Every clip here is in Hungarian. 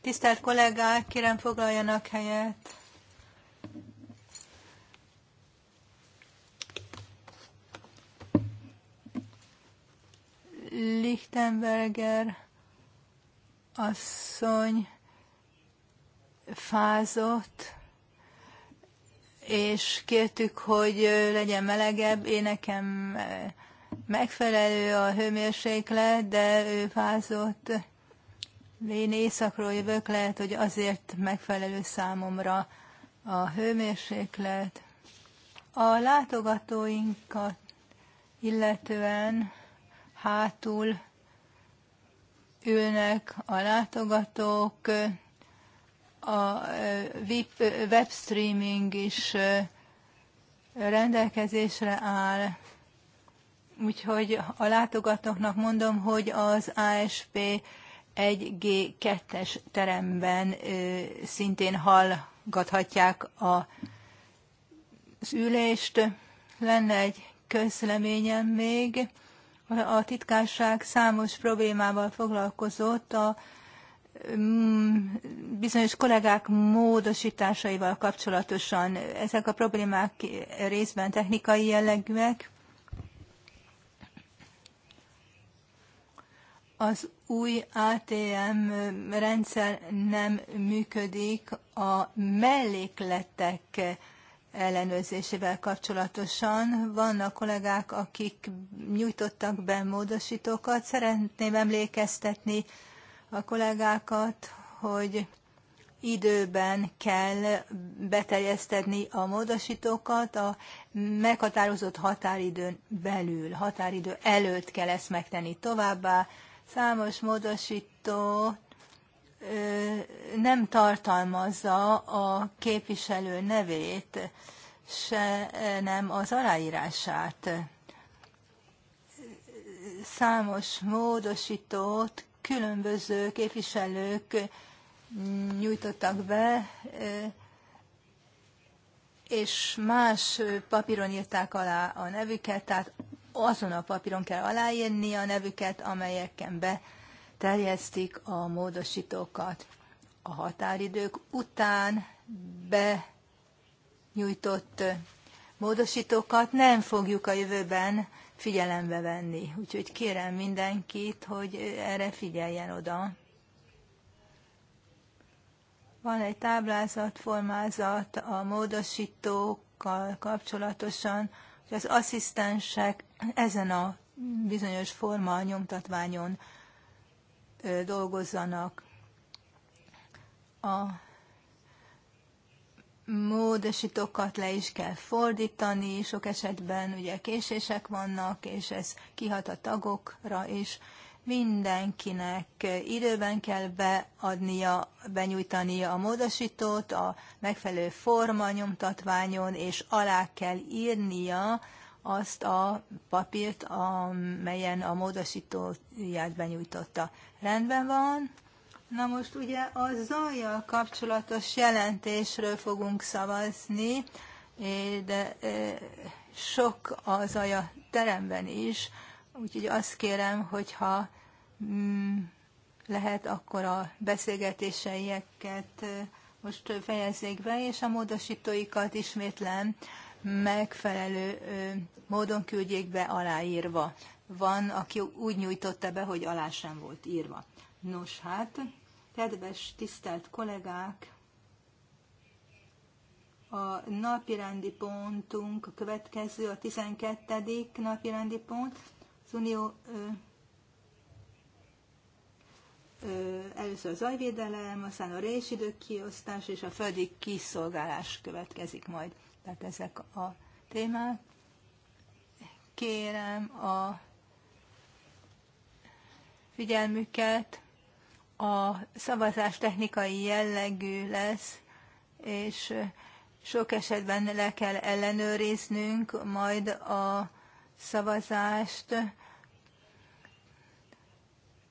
Tisztelt kollégák, kérem foglaljanak helyet. Lichtenberger asszony fázott, és kértük, hogy legyen melegebb. Én nekem megfelelő a hőmérséklet, de ő fázott én éjszakról jövök, lehet, hogy azért megfelelő számomra a hőmérséklet. A látogatóinkat illetően hátul ülnek a látogatók, a webstreaming is rendelkezésre áll, úgyhogy a látogatóknak mondom, hogy az ASP 1G2-es teremben szintén hallgathatják a, az ülést. Lenne egy közleményem még. A titkárság számos problémával foglalkozott a mm, bizonyos kollégák módosításaival kapcsolatosan. Ezek a problémák részben technikai jellegűek, az új ATM rendszer nem működik a mellékletek ellenőrzésével kapcsolatosan. Vannak kollégák, akik nyújtottak be módosítókat. Szeretném emlékeztetni a kollégákat, hogy időben kell beteljesztetni a módosítókat, a meghatározott határidőn belül, határidő előtt kell ezt megtenni továbbá. Számos módosító nem tartalmazza a képviselő nevét, se nem az aláírását. Számos módosítót különböző képviselők nyújtottak be, és más papíron írták alá a nevüket, tehát azon a papíron kell aláírni a nevüket, amelyeken beterjesztik a módosítókat. A határidők után benyújtott módosítókat nem fogjuk a jövőben figyelembe venni. Úgyhogy kérem mindenkit, hogy erre figyeljen oda. Van egy táblázat, formázat a módosítókkal kapcsolatosan, az asszisztensek ezen a bizonyos forma nyomtatványon dolgozzanak. A módosítókat le is kell fordítani, sok esetben ugye késések vannak, és ez kihat a tagokra is. És mindenkinek időben kell beadnia, benyújtania a módosítót, a megfelelő forma nyomtatványon, és alá kell írnia azt a papírt, amelyen a módosítóját benyújtotta. Rendben van. Na most ugye a zajjal kapcsolatos jelentésről fogunk szavazni, eh, de eh, sok a zaj a teremben is. Úgyhogy azt kérem, hogyha mm, lehet, akkor a beszélgetéseieket most fejezzék be, és a módosítóikat ismétlen megfelelő módon küldjék be aláírva. Van, aki úgy nyújtotta be, hogy alá sem volt írva. Nos hát, kedves, tisztelt kollégák, a napirendi pontunk a következő, a 12. napirendi pont, Unió először a zajvédelem, aztán a résidők kiosztás és a földi kiszolgálás következik majd. Tehát ezek a témák. Kérem a figyelmüket, a szavazás technikai jellegű lesz, és sok esetben le kell ellenőriznünk majd a szavazást,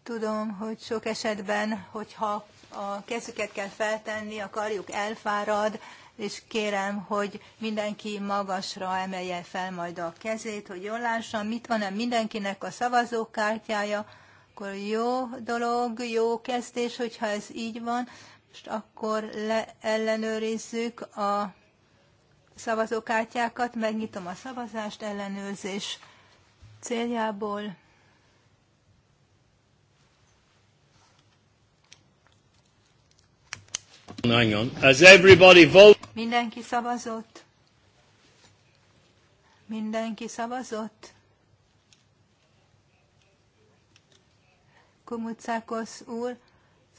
Tudom, hogy sok esetben, hogyha a kezüket kell feltenni, a karjuk elfárad, és kérem, hogy mindenki magasra emelje fel majd a kezét, hogy jól lássam, mit van-e mindenkinek a szavazókártyája, akkor jó dolog, jó kezdés, hogyha ez így van, és akkor le ellenőrizzük a szavazókártyákat, megnyitom a szavazást ellenőrzés céljából. Mindenki szavazott? Mindenki szavazott? Kumucákos úr,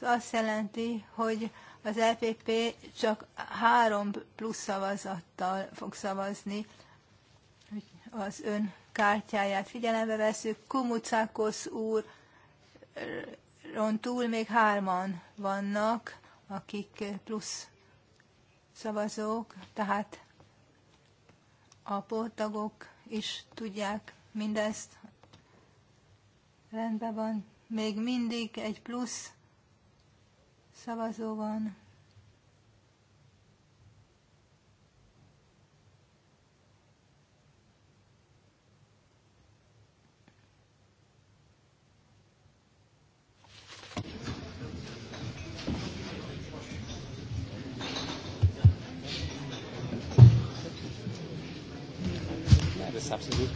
ez azt jelenti, hogy az LPP csak három plusz szavazattal fog szavazni, az ön kártyáját figyelembe veszük. Kumucákos úr, ron túl még hárman vannak, akik plusz szavazók, tehát a pótagok is tudják mindezt. Rendben van. Még mindig egy plusz szavazó van.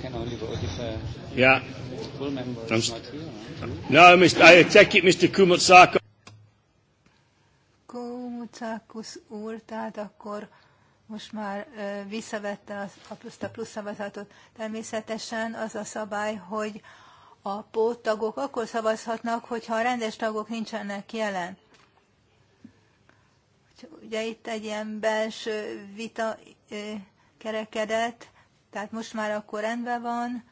can only vote if uh, yeah. full I'm not here. Right? No, Mr. I take it, Mr. Kumutsako. Kumutsakos úr, tehát akkor most már visszavette a plusz, a plusz szavazatot. Természetesen az a szabály, hogy a póttagok akkor szavazhatnak, hogyha a rendes tagok nincsenek jelen. Ugye itt egy ilyen belső vita kerekedett, tehát most már akkor rendben van,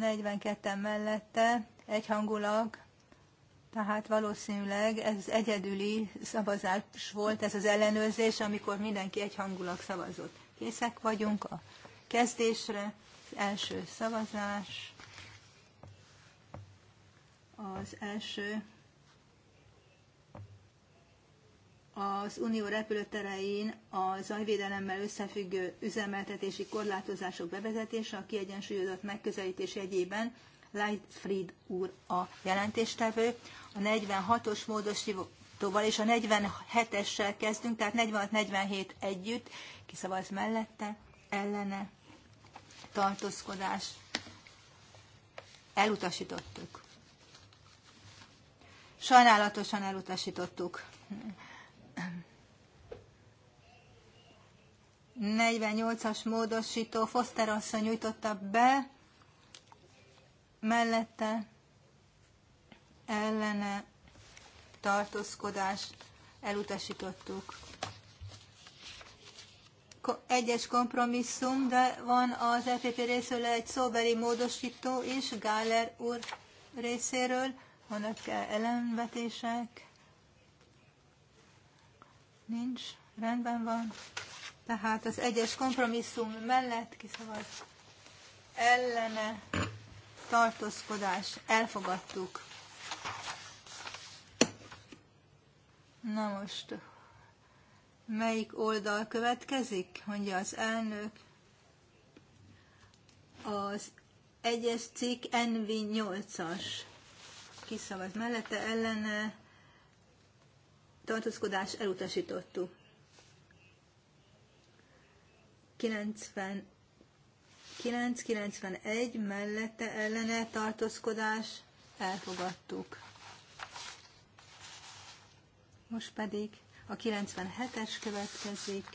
42-en mellette, egyhangulag, tehát valószínűleg ez egyedüli szavazás volt, ez az ellenőrzés, amikor mindenki egyhangulag szavazott. Készek vagyunk a kezdésre, az első szavazás, az első az unió repülőterein a zajvédelemmel összefüggő üzemeltetési korlátozások bevezetése a kiegyensúlyozott megközelítés egyében Lightfried úr a jelentéstevő. A 46-os módosítóval és a 47-essel kezdünk, tehát 46-47 együtt. Kiszavaz mellette, ellene, tartózkodás. Elutasítottuk. Sajnálatosan elutasítottuk. 48-as módosító Foster asszony nyújtotta be, mellette ellene tartózkodást elutasítottuk. Egyes kompromisszum, de van az EPP részéről egy szóbeli módosító is, Gáler úr részéről, vannak ellenvetések. Nincs. Rendben van. Tehát az egyes kompromisszum mellett kiszavaz. Ellene tartózkodás. Elfogadtuk. Na most, melyik oldal következik? Mondja az elnök. Az egyes cikk NV8-as. Kiszavaz mellette ellene tartózkodás elutasítottuk. 90 991 mellette ellene tartózkodás elfogadtuk. Most pedig a 97-es következik.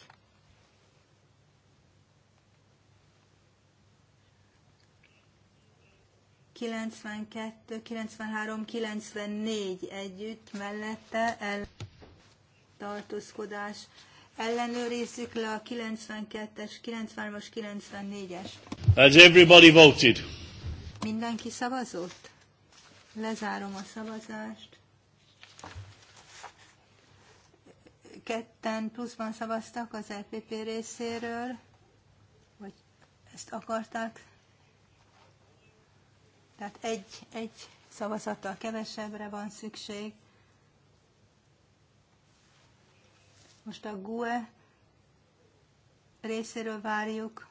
Kilencvenkettő, 93, 94 együtt mellette el tartózkodás. Ellenőrizzük le a 92-es, 93-as, 94-es. Has everybody voted? Mindenki szavazott? Lezárom a szavazást. Ketten pluszban szavaztak az LPP e részéről, vagy ezt akarták. Tehát egy, egy szavazattal kevesebbre van szükség. Most a GUE részéről várjuk.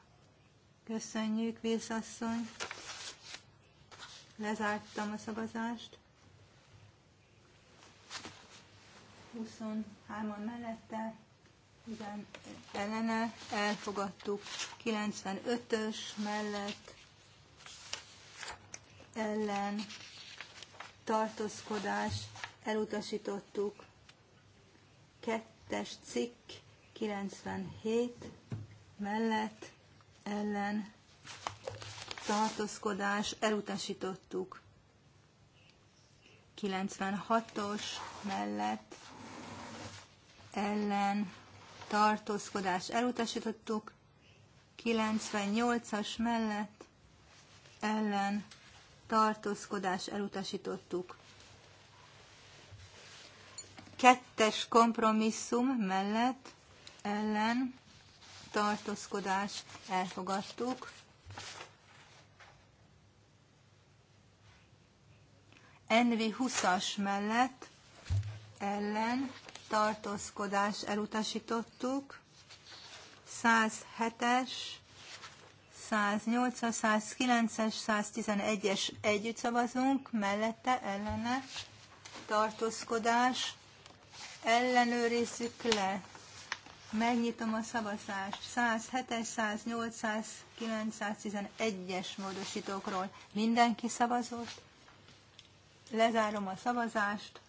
Köszönjük, Vészasszony. Lezártam a szavazást. 23-an mellette, igen, ellene elfogadtuk. 95-ös mellett ellen tartózkodás elutasítottuk. Kettő 2-es cikk 97 mellett ellen tartózkodás elutasítottuk. 96-os mellett ellen tartózkodás elutasítottuk. 98-as mellett ellen tartózkodás elutasítottuk. Kettes kompromisszum mellett ellen tartózkodás elfogadtuk. NV 20-as mellett ellen tartózkodás elutasítottuk. 107-es 108-as, 109-es, 111-es együtt szavazunk, mellette ellene tartózkodás ellenőrizzük le. Megnyitom a szavazást. 107 108, 109, 111-es módosítókról. Mindenki szavazott. Lezárom a szavazást.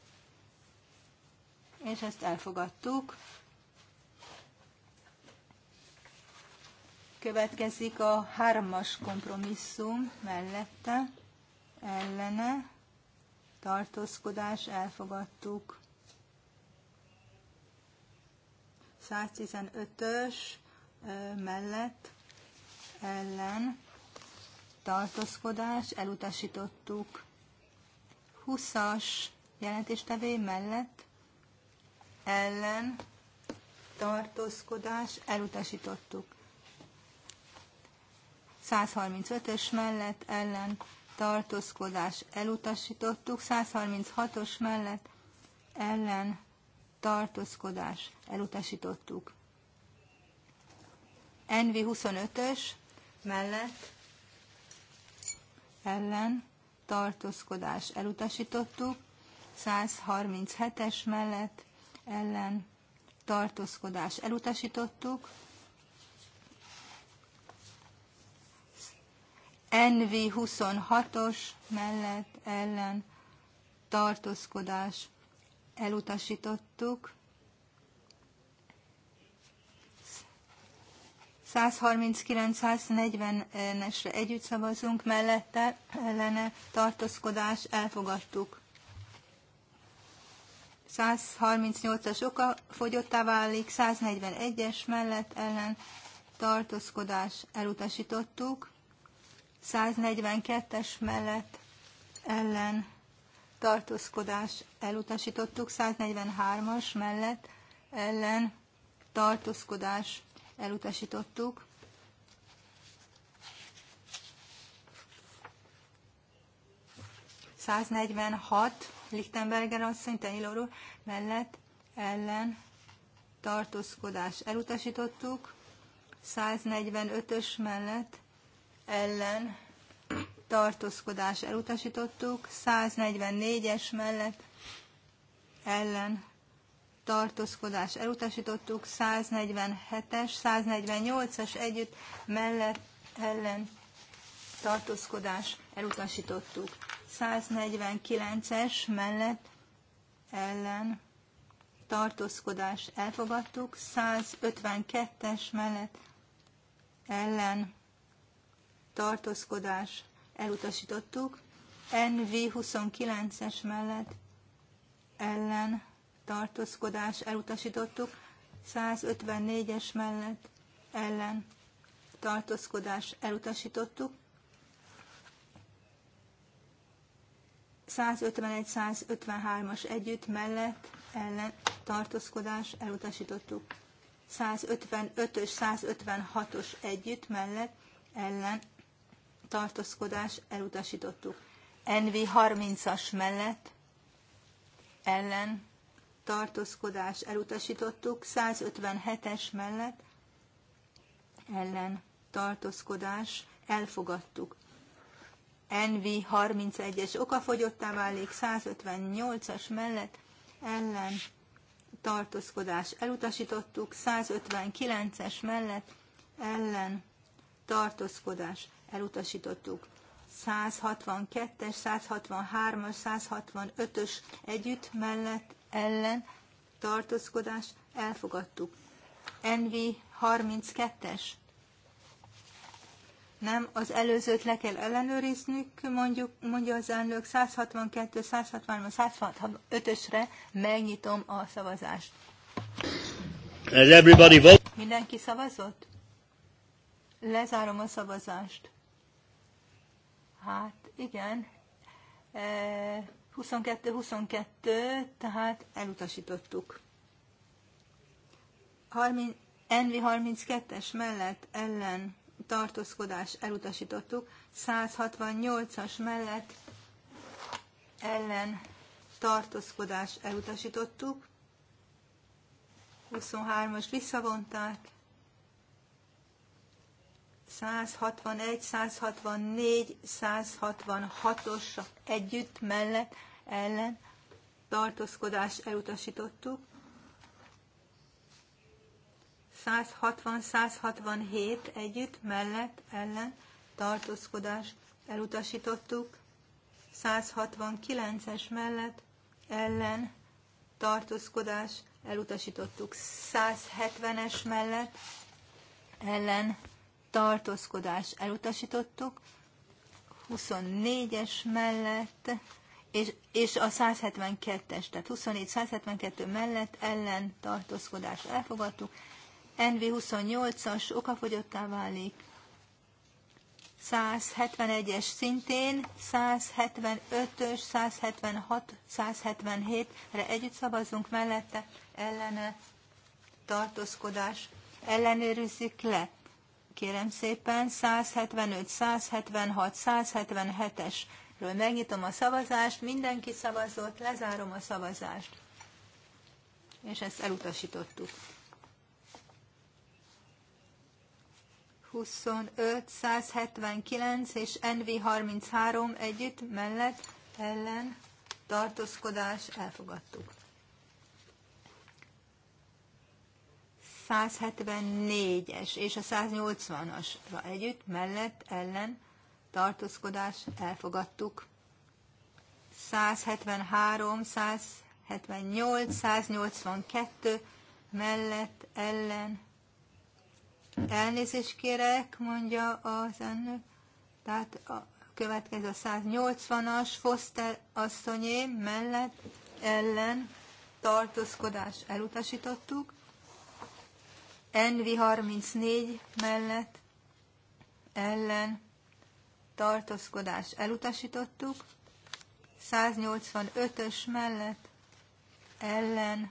És ezt elfogadtuk. Következik a hármas kompromisszum mellette, ellene, tartózkodás, elfogadtuk. 115-ös mellett ellen tartózkodás elutasítottuk. 20-as jelentéstevé mellett ellen tartózkodás elutasítottuk. 135-ös mellett ellen tartózkodás elutasítottuk, 136-os mellett ellen tartózkodás elutasítottuk. NV25-ös mellett ellen tartózkodás elutasítottuk, 137-es mellett ellen tartózkodás elutasítottuk, NV26-os mellett ellen tartózkodás elutasítottuk. 139-140-esre együtt szavazunk, mellette ellene tartózkodás elfogadtuk. 138-as oka fogyottá válik, 141-es mellett ellen tartózkodás elutasítottuk, 142-es mellett ellen tartózkodás elutasítottuk, 143-as mellett ellen tartózkodás elutasítottuk. ...146 Lichtenberger asszony, Tenyiloró mellett ellen tartózkodás elutasítottuk, 145-ös mellett ellen tartózkodás elutasítottuk, 144-es mellett ellen tartózkodás elutasítottuk, 147-es, 148-as együtt mellett ellen tartózkodás elutasítottuk, 149-es mellett ellen tartózkodás elfogadtuk, 152-es mellett ellen tartózkodás elutasítottuk. NV29-es mellett ellen tartózkodás elutasítottuk. 154-es mellett ellen tartózkodás elutasítottuk. 151-153-as együtt mellett ellen tartózkodás elutasítottuk. 155-ös, 156-os együtt mellett ellen tartózkodás elutasítottuk. NV 30-as mellett ellen tartózkodás elutasítottuk, 157-es mellett ellen tartózkodás elfogadtuk. NV 31-es okafogyottá válik, 158-as mellett ellen tartózkodás elutasítottuk, 159-es mellett ellen tartózkodás elutasítottuk. 162-es, 163-as, 165-ös együtt mellett ellen tartózkodást elfogadtuk. NV 32-es. Nem, az előzőt le kell ellenőriznünk, mondjuk, mondja az elnök 162, 163, 165-ösre megnyitom a szavazást. everybody vote? Mindenki szavazott? Lezárom a szavazást. Hát igen, 22-22, e, tehát elutasítottuk. 30, Envi 32-es mellett ellen tartózkodás elutasítottuk, 168-as mellett ellen tartózkodás elutasítottuk, 23-as visszavonták, 161, 164, 166-os együtt, mellett, ellen tartózkodást elutasítottuk. 160-167 együtt, mellett, ellen tartózkodást elutasítottuk. 169-es mellett, ellen tartózkodást elutasítottuk. 170-es mellett, ellen tartózkodás elutasítottuk, 24-es mellett, és, és a 172-es, tehát 24-172 mellett ellen tartózkodás elfogadtuk, NV28-as okafogyottá válik, 171-es szintén, 175-ös, 176, 177-re együtt szavazunk mellette, ellene tartózkodás ellenőrizzük le. Kérem szépen, 175, 176, 177-esről megnyitom a szavazást, mindenki szavazott, lezárom a szavazást. És ezt elutasítottuk. 25, 179 és NV 33 együtt, mellett, ellen, tartózkodás, elfogadtuk. 174-es és a 180-asra együtt, mellett, ellen, tartózkodás, elfogadtuk. 173, 178, 182, mellett, ellen. Elnézést kérek, mondja az elnök. Tehát a következő a 180-as, Foster asszonyé, mellett, ellen, tartózkodás elutasítottuk. Envi 34 mellett ellen tartózkodás elutasítottuk, 185-ös mellett ellen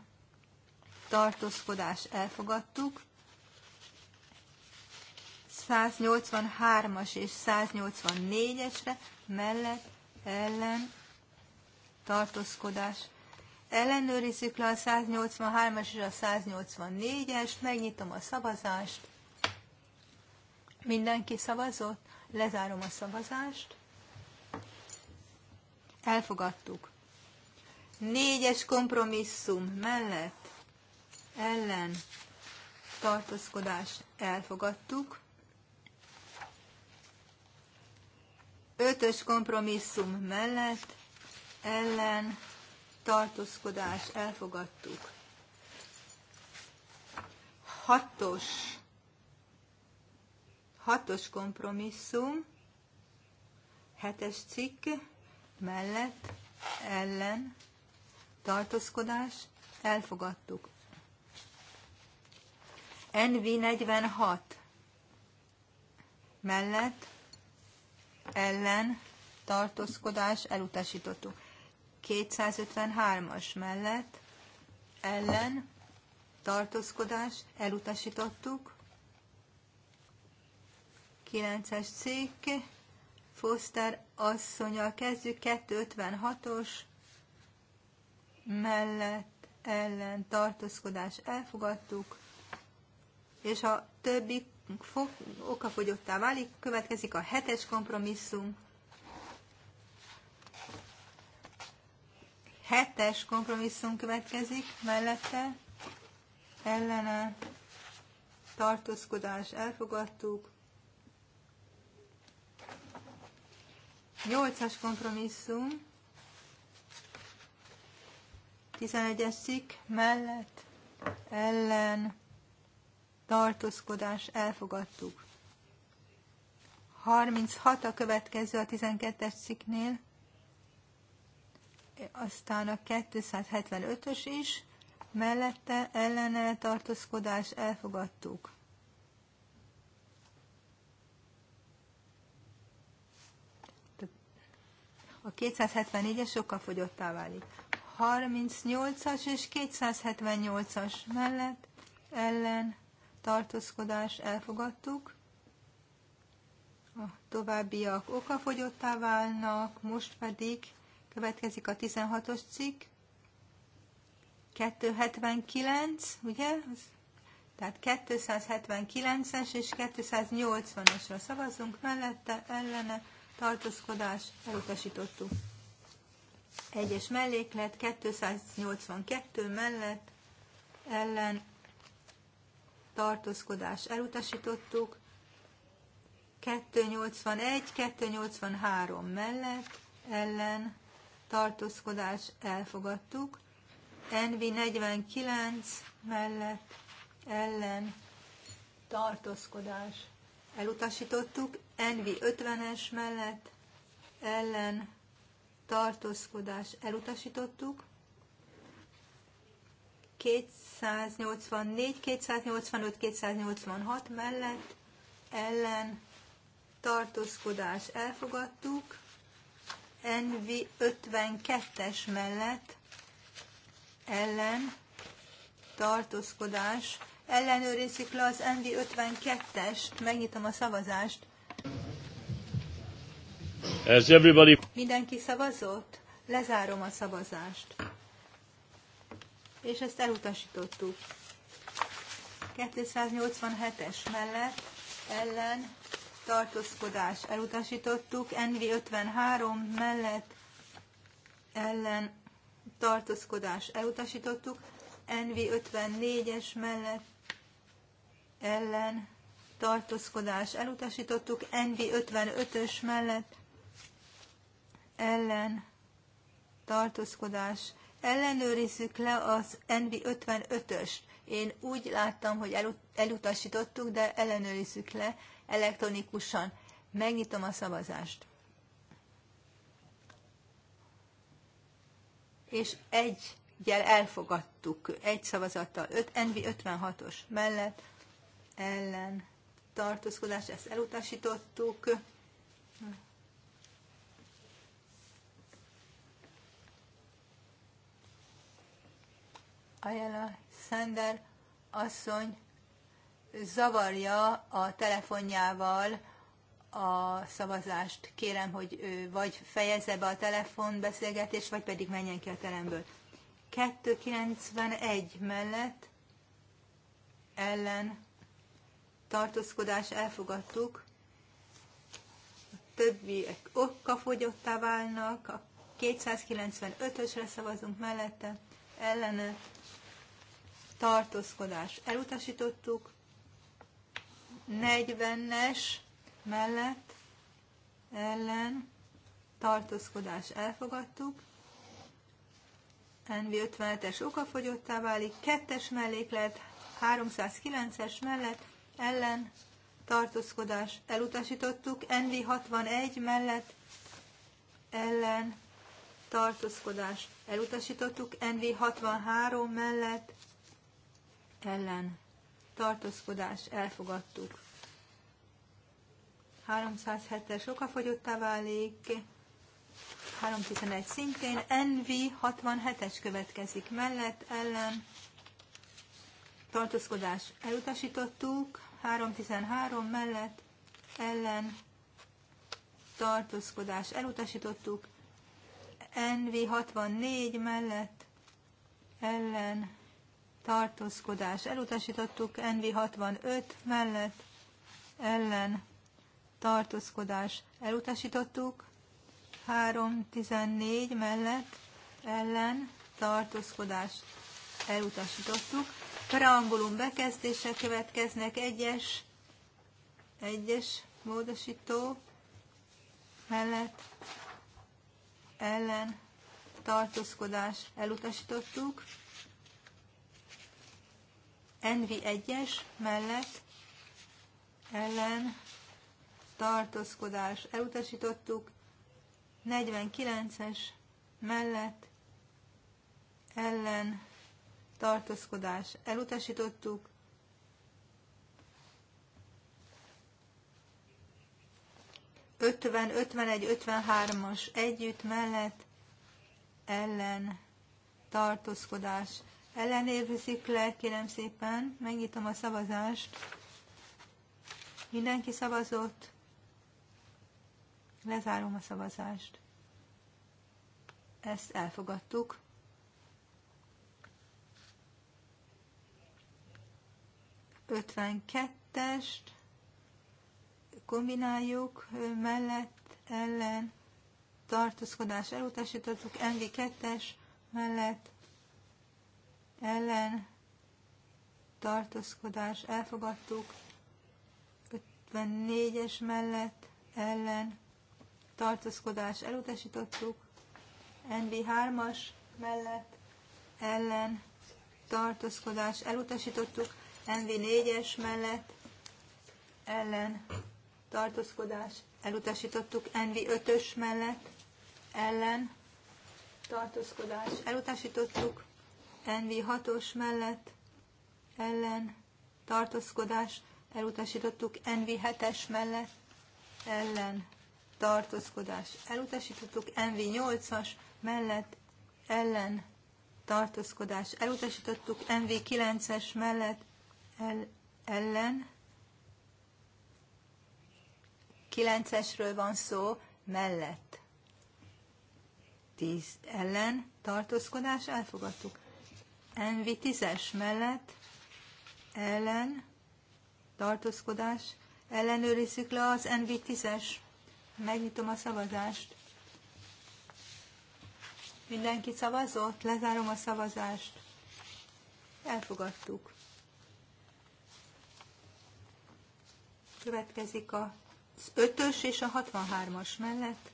tartózkodás elfogadtuk, 183-as és 184-esre mellett ellen tartózkodás ellenőrizzük le a 183-as és a 184-es, megnyitom a szavazást. Mindenki szavazott, lezárom a szavazást. Elfogadtuk. Négyes kompromisszum mellett ellen tartózkodás elfogadtuk. Ötös kompromisszum mellett ellen tartózkodás elfogadtuk. Hatos, hatos kompromisszum, hetes cikk mellett ellen tartózkodás elfogadtuk. NV46 mellett ellen tartózkodás elutasítottuk. 253-as mellett ellen tartózkodás elutasítottuk. 9-es cikk, Foster asszonyal kezdjük, 256-os mellett ellen tartózkodás elfogadtuk, és a többi okafogyottá válik, következik a hetes kompromisszum Hetes kompromisszum következik mellette, ellene, tartózkodás elfogadtuk. Nyolcas kompromisszum, Tizenegyes cikk mellett, ellen, tartózkodás elfogadtuk. 36 a következő a 12-es cikknél aztán a 275-ös is, mellette ellene tartózkodás elfogadtuk. A 274-es sokkal fogyottá válik. 38-as és 278-as mellett ellen tartózkodás elfogadtuk. A továbbiak okafogyottá válnak, most pedig Következik a 16-os cikk. 279, ugye? Tehát 279-es és 280-asra szavazunk mellette, ellene, tartózkodás, elutasítottuk. Egyes melléklet, 282 mellett, ellen, tartózkodás, elutasítottuk. 281, 283 mellett, ellen, tartózkodás elfogadtuk. Envi 49 mellett ellen tartózkodás elutasítottuk. Envi 50-es mellett ellen tartózkodás elutasítottuk. 284, 285, 286 mellett ellen tartózkodás elfogadtuk. NV 52-es mellett ellen tartózkodás. Ellenőrizzük le az NV 52-est. Megnyitom a szavazást. Ez everybody... Mindenki szavazott? Lezárom a szavazást. És ezt elutasítottuk. 287-es mellett ellen tartózkodás elutasítottuk, NV53 mellett ellen tartózkodás elutasítottuk, NV54-es mellett ellen tartózkodás elutasítottuk, NV55-ös mellett ellen tartózkodás. Ellenőrizzük le az NV55-öst. Én úgy láttam, hogy elutasítottuk, de ellenőrizzük le elektronikusan. Megnyitom a szavazást. És egy egyel elfogadtuk, egy szavazattal, 5, NV 56-os mellett, ellen tartózkodás, ezt elutasítottuk. Ajala Sander asszony zavarja a telefonjával a szavazást. Kérem, hogy ő vagy fejezze be a telefonbeszélgetést, vagy pedig menjen ki a teremből. 291 mellett ellen tartózkodás elfogadtuk. A többiek okkafogyottá válnak, a 295-ösre szavazunk mellette, ellene tartózkodás elutasítottuk, 40-es mellett ellen tartózkodás elfogadtuk. NV57-es okafogyottá válik, kettes melléklet, 309-es mellett ellen tartózkodás elutasítottuk, NV61 mellett ellen tartózkodás elutasítottuk, NV63 mellett ellen tartózkodás elfogadtuk. 307-es okafogyottá válik, 311 szintén, NV 67-es következik mellett, ellen, tartózkodás elutasítottuk, 313 mellett, ellen, tartózkodás elutasítottuk, NV 64 mellett, ellen, tartózkodás elutasítottuk, NV65 mellett ellen tartózkodás elutasítottuk, 314 mellett ellen tartózkodás elutasítottuk. Preambulum bekezdése következnek egyes, egyes módosító mellett ellen tartózkodás elutasítottuk. NV1-es mellett ellen tartózkodás elutasítottuk, 49-es mellett ellen tartózkodás elutasítottuk, ötven, 53-as együtt mellett ellen tartózkodás ellenérvűzik le, kérem szépen, megnyitom a szavazást. Mindenki szavazott. Lezárom a szavazást. Ezt elfogadtuk. Ötvenkettest kombináljuk mellett, ellen, tartózkodás elutasítottuk, NG2-es mellett, ellen tartózkodás elfogadtuk, 54-es mellett ellen tartózkodás elutasítottuk, NB3-as mellett ellen tartózkodás elutasítottuk, NV4-es mellett ellen tartózkodás elutasítottuk, NV5-ös mellett ellen tartózkodás elutasítottuk, NV6-os mellett ellen tartózkodás elutasítottuk, NV7-es mellett ellen tartózkodás elutasítottuk, NV8-as mellett ellen tartózkodás elutasítottuk, NV9-es mellett el, ellen 9-esről van szó, mellett 10 ellen tartózkodás elfogadtuk. Envi 10-es mellett ellen tartózkodás. Ellenőrizzük le az Envi 10-es. Megnyitom a szavazást. Mindenki szavazott? Lezárom a szavazást. Elfogadtuk. Következik a 5-ös és a 63-as mellett.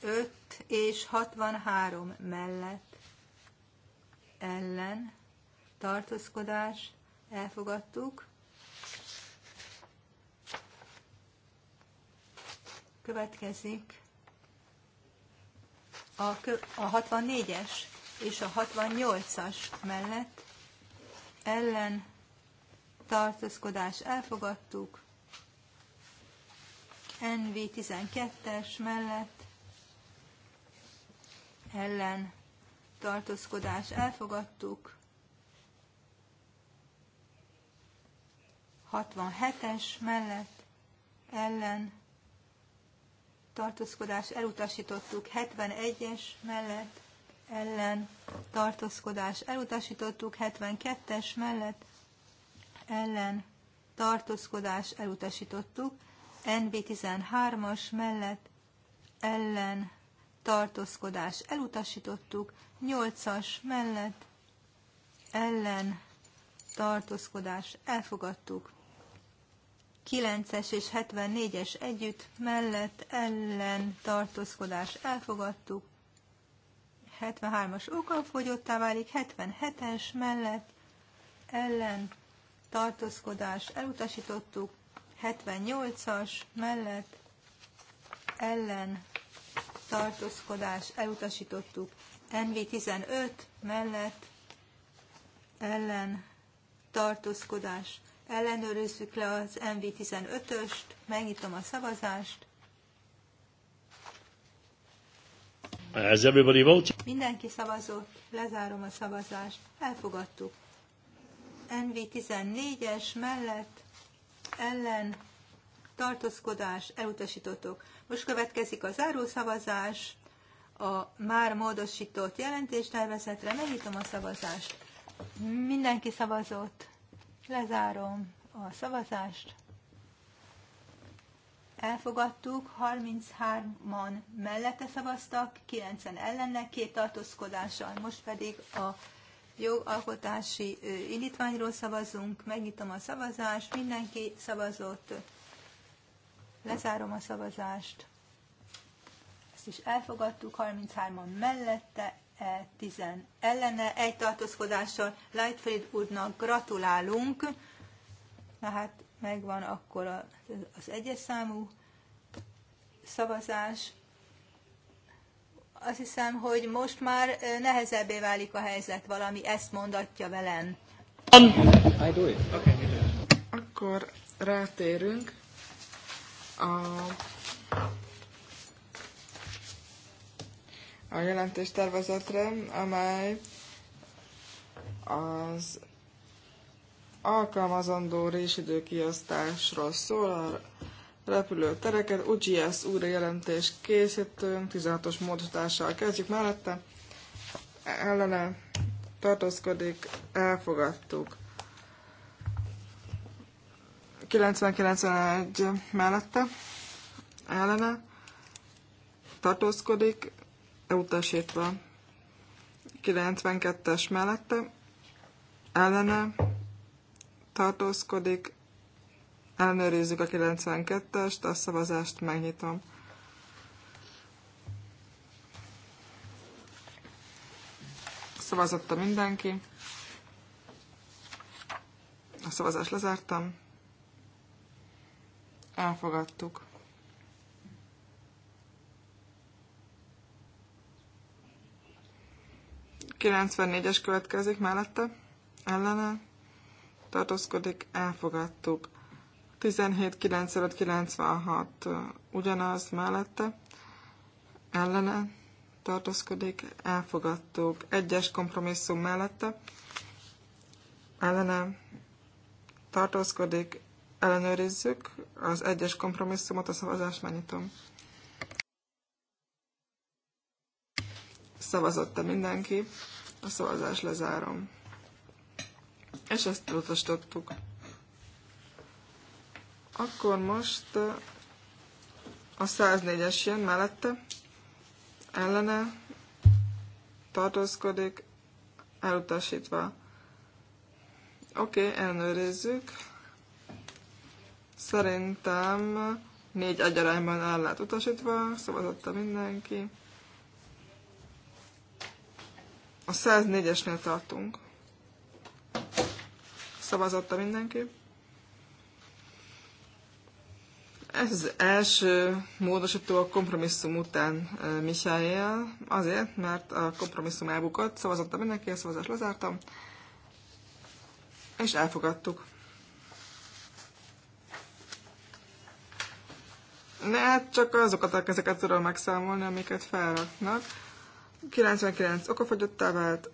5 és 63 mellett ellen tartózkodás elfogadtuk. Következik a, kö a 64-es és a 68-as mellett ellen tartózkodás elfogadtuk. NV 12-es mellett ellen tartózkodás elfogadtuk. 67-es mellett ellen tartózkodás elutasítottuk, 71-es mellett ellen tartózkodás elutasítottuk, 72-es mellett ellen tartózkodás elutasítottuk, NB13-as mellett ellen tartózkodás elutasítottuk, 8-as mellett ellen tartózkodás elfogadtuk, 9-es és 74-es együtt mellett ellen tartózkodás elfogadtuk, 73-as okafogyottá válik, 77-es mellett ellen tartózkodás elutasítottuk, 78-as mellett ellen tartózkodás elutasítottuk. NV15 mellett ellen tartózkodás. Ellenőrizzük le az NV15-öst, megnyitom a szavazást. Has everybody voted? Mindenki szavazott, lezárom a szavazást, elfogadtuk. NV14-es mellett ellen tartózkodás, elutasítottok. Most következik a zárószavazás, a már módosított jelentéstervezetre. Megnyitom a szavazást. Mindenki szavazott. Lezárom a szavazást. Elfogadtuk, 33-an mellette szavaztak, 9-en két tartózkodással. Most pedig a jogalkotási indítványról szavazunk. Megnyitom a szavazást, mindenki szavazott. Lezárom a szavazást. Ezt is elfogadtuk, 33-an mellette, e 10 ellene, egy tartózkodással Lightfield úrnak gratulálunk. Na hát megvan akkor az egyes számú szavazás. Azt hiszem, hogy most már e, nehezebbé válik a helyzet, valami ezt mondatja velem. Um, akkor rátérünk a, a jelentés tervezetre, amely az alkalmazandó résidőkiasztásról szól, a repülőtereket. UGS újra jelentés készítünk, 16-os módosítással kezdjük mellette. Ellene tartózkodik, elfogadtuk. 9091 mellette ellene tartózkodik, elutasítva. 92-es mellette ellene tartózkodik, ellenőrizzük a 92-est, a szavazást megnyitom. Szavazotta mindenki. A szavazást lezártam elfogadtuk. es következik mellette, ellene tartózkodik, elfogadtuk. 17, 95, 96 ugyanaz mellette, ellene tartózkodik, elfogadtuk. Egyes kompromisszum mellette, ellene tartózkodik, ellenőrizzük az egyes kompromisszumot, a szavazást megnyitom. Szavazott-e mindenki? A szavazást lezárom. És ezt elutasítottuk. Akkor most uh, a 104-es jön mellette, ellene tartózkodik, elutasítva. Oké, okay, ellenőrizzük. Szerintem négy agyarányban el lehet utasítva, szavazotta mindenki. A 104-esnél tartunk. Szavazotta mindenki. Ez az első módosító a kompromisszum után eh, Michael, azért, mert a kompromisszum elbukott, Szavazottam mindenki, a szavazást lezártam, és elfogadtuk. ne hát csak azokat a kezeket tudom megszámolni, amiket felraknak. 99 okafogyottá vált.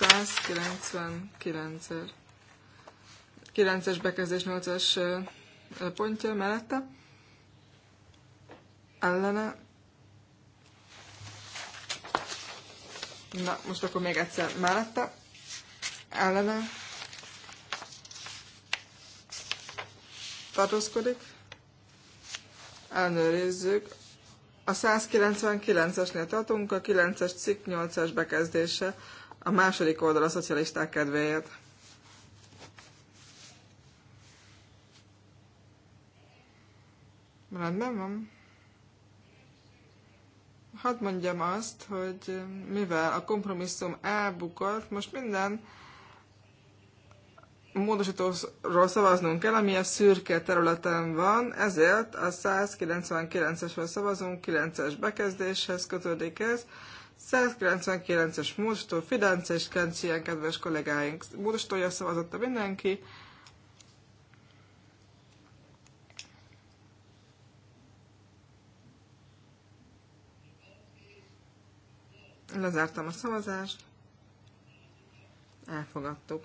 ...199-er. 9-es bekezdés 8-as pontja mellette. Ellene. Na, most akkor még egyszer mellette ellene tartózkodik. Elnőrizzük. A 199-esnél tartunk, a 9-es cikk 8-es bekezdése a második oldal a szocialisták kedvéért. Rendben van. Hadd mondjam azt, hogy mivel a kompromisszum elbukott, most minden módosítóról szavaznunk kell, ami a szürke területen van, ezért a 199-esről szavazunk, 9-es bekezdéshez kötődik ez, 199-es módosító, Fidence és Kencs kedves kollégáink módosítója szavazotta mindenki. Lezártam a szavazást. Elfogadtuk.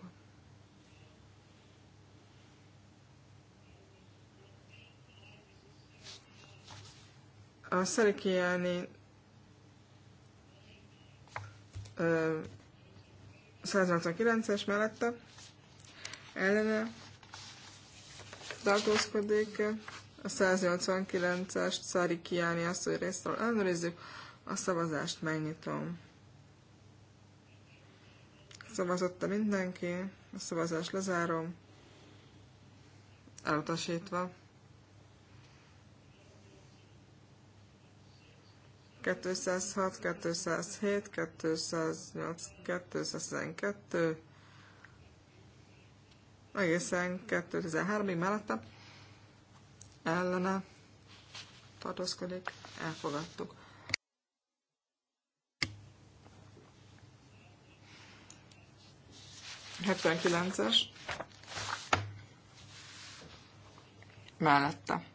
A szerikiáni uh, 189-es mellette ellene tartózkodik. A 189 es Szarikiáni asszony részről ellenőrizzük. A szavazást megnyitom. Szavazotta mindenki. A szavazást lezárom. Elutasítva. 206, 207, 208, 212, egészen 2013-ig mellette ellene tartózkodik, elfogadtuk. es mellette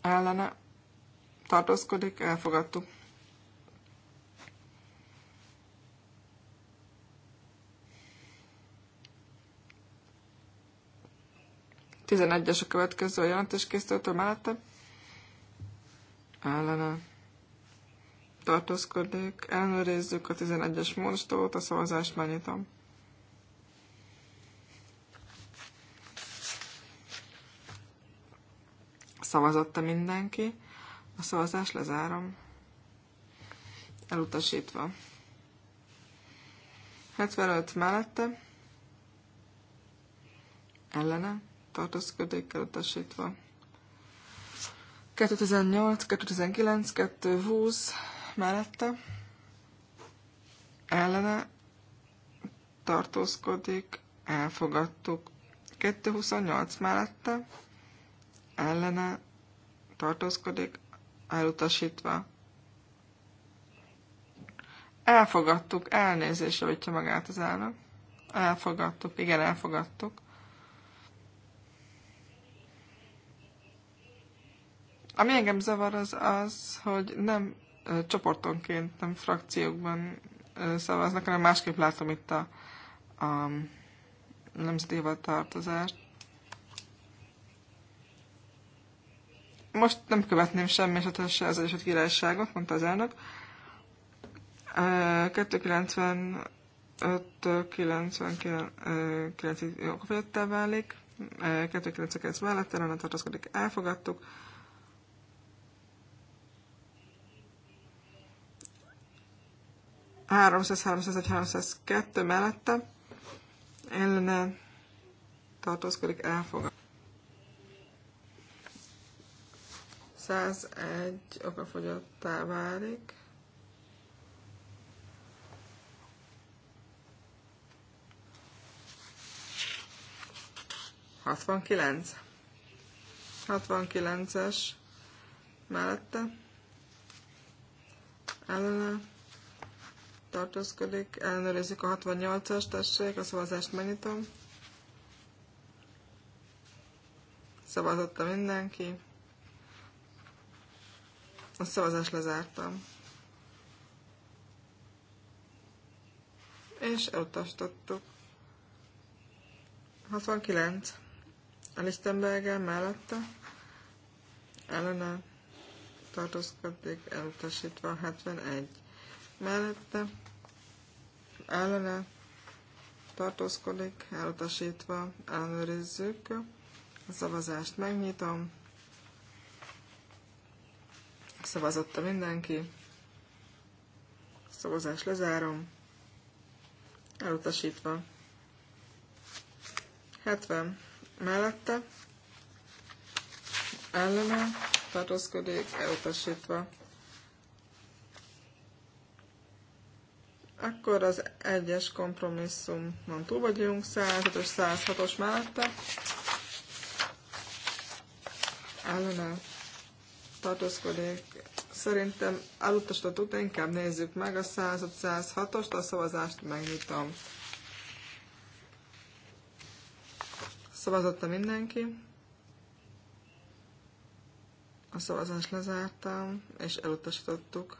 ellene tartózkodik, elfogadtuk. Tizenegyes a következő jelentés készítőtől mellette. Ellene tartózkodik, ellenőrizzük a 11-es módosítót, a szavazást megnyitom. Szavazotta mindenki. A szavazás lezárom. Elutasítva. 75 mellette. Ellene. Tartózkodik elutasítva. 2018, 2019, 2020 mellette. Ellene. Tartózkodik. Elfogadtuk. 228 mellette. Ellene. Tartózkodik elutasítva. Elfogadtuk, elnézésre vitja magát az állam Elfogadtuk, igen, elfogadtuk. Ami engem zavar az az, hogy nem ö, csoportonként, nem frakciókban ö, szavaznak, hanem másképp látom itt a, a nemzeti tartozást. most nem követném semmi se az Egyesült Királyságot, mondta az elnök. 295-99 jogfogyottá válik, 299 mellettelen tartozkodik, elfogadtuk. háromszáz 301, 302 mellette ellene tartózkodik, elfogad. 101 okafogyottá válik. Hatvankilenc. 69-es mellette ellene tartózkodik, ellenőrizzük a 68-as, tessék, a szavazást megnyitom. Szavazotta mindenki. A szavazást lezártam. És elutasítottuk. 69. A Lichtenberger mellette ellene tartózkodik, elutasítva 71. Mellette ellene tartózkodik, elutasítva ellenőrizzük. A szavazást megnyitom szavazott a mindenki. Szavazás lezárom. Elutasítva. 70 mellette. Ellene tartózkodik, elutasítva. Akkor az egyes kompromisszumon túl vagyunk, 105 os 106-os mellette. Ellene tartózkodik. Szerintem elutasított után inkább nézzük meg a 106-ost, a szavazást megnyitom. Szavazotta mindenki. A szavazást lezártam, és elutasítottuk.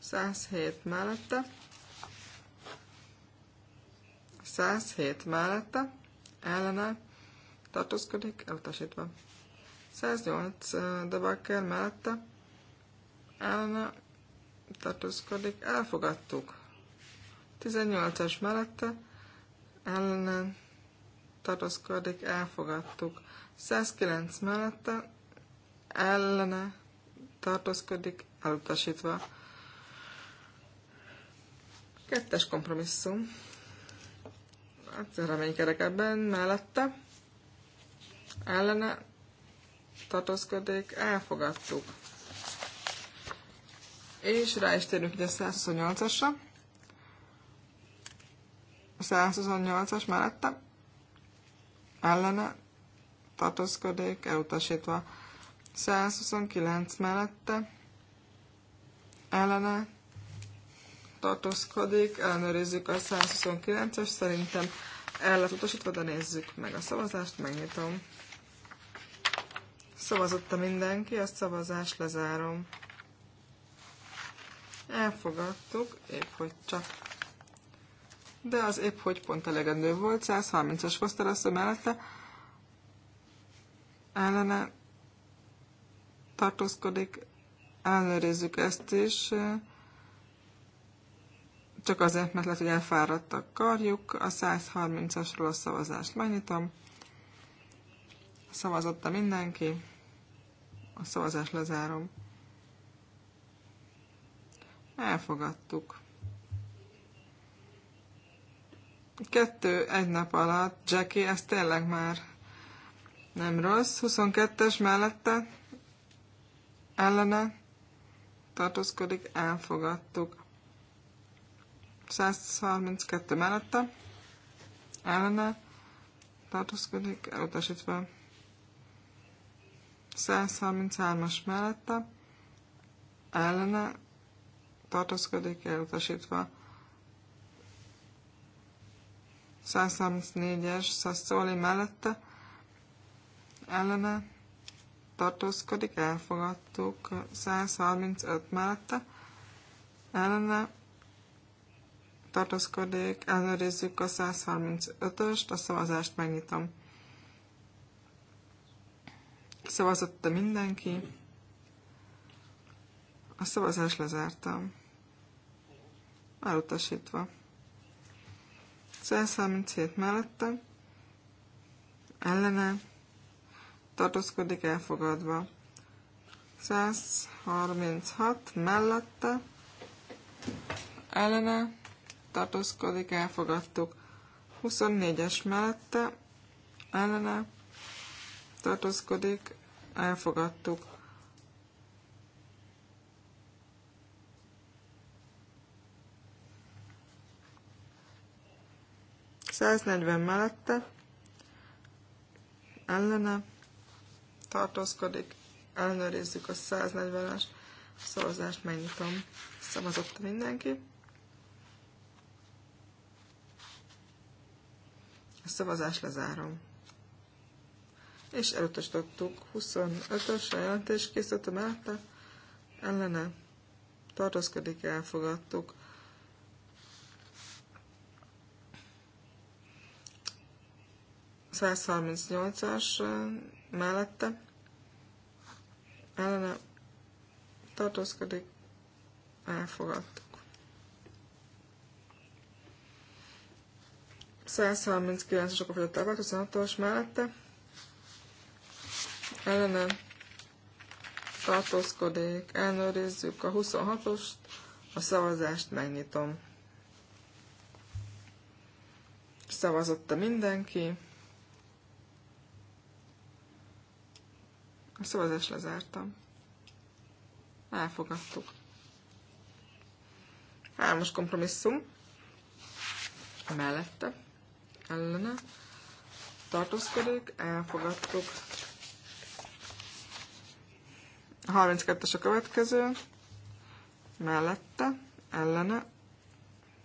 107 mellette. 107 mellette. Ellene tartózkodik, elutasítva. 108 debakker mellette ellene tartózkodik, elfogadtuk. 18-as mellette ellene tartózkodik, elfogadtuk. 109 mellette ellene tartózkodik, elutasítva. Kettes kompromisszum. Hát reménykedek ebben mellette. Ellene tartózkodik, elfogadtuk. És rá is térünk ide 128-asra. 128-as mellette ellene tartózkodik, elutasítva. 129 mellette ellene tartózkodik, ellenőrizzük a 129-es, szerintem el lett utasítva, de nézzük meg a szavazást, megnyitom a mindenki, a szavazás lezárom. Elfogadtuk, épp hogy csak. De az épp hogy pont elegendő volt, 130-as foszterasszony mellette ellene tartózkodik, ellenőrizzük ezt is, csak azért, mert lehet, hogy a karjuk. A 130-asról a szavazást megnyitom. Szavazotta mindenki. A szavazást lezárom. Elfogadtuk. Kettő egy nap alatt, Jackie, ez tényleg már nem rossz. 22-es mellette ellene tartózkodik, elfogadtuk. 132 mellette ellene tartózkodik, elutasítva. 133-as mellette ellene tartózkodik elutasítva. 134-es Sassoli mellette ellene tartózkodik, elfogadtuk 135 mellette ellene tartózkodik, ellenőrizzük a 135-öst, a szavazást megnyitom. Szavazott -e mindenki. A szavazás lezártam. Elutasítva. 137 mellette. Ellene. Tartózkodik elfogadva. 136 mellette. Ellene. Tartózkodik elfogadtuk. 24-es mellette. Ellene. Tartózkodik elfogadtuk. Száznegyven mellette ellene tartózkodik, ellenőrizzük a 140-es szavazást, megnyitom, szavazott mindenki. A szavazást lezárom és elutasítottuk. 25-ös jelentés készítettem mellette, ellene tartozkodik, elfogadtuk. as mellette ellene tartózkodik, elfogadtuk. 139-es okafogyott a 26-os mellette ellene tartózkodik, elnőrizzük a 26-ost, a szavazást megnyitom. Szavazotta mindenki. A szavazást lezártam. Elfogadtuk. Hármas kompromisszum. Mellette. Ellene. Tartózkodik. Elfogadtuk. A 32-es a következő. Mellette, ellene,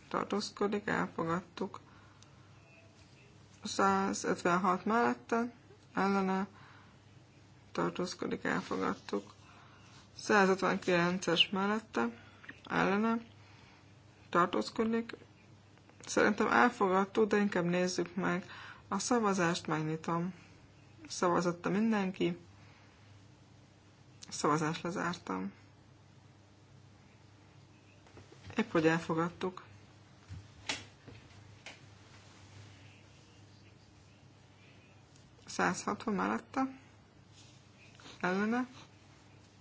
tartózkodik, elfogadtuk. 156 mellette, ellene, tartózkodik, elfogadtuk. 159-es mellette, ellene, tartózkodik. Szerintem elfogadtuk, de inkább nézzük meg. A szavazást megnyitom. Szavazatta mindenki. Szavazás lezártam. Épp hogy elfogadtuk. van mellette. Ellene.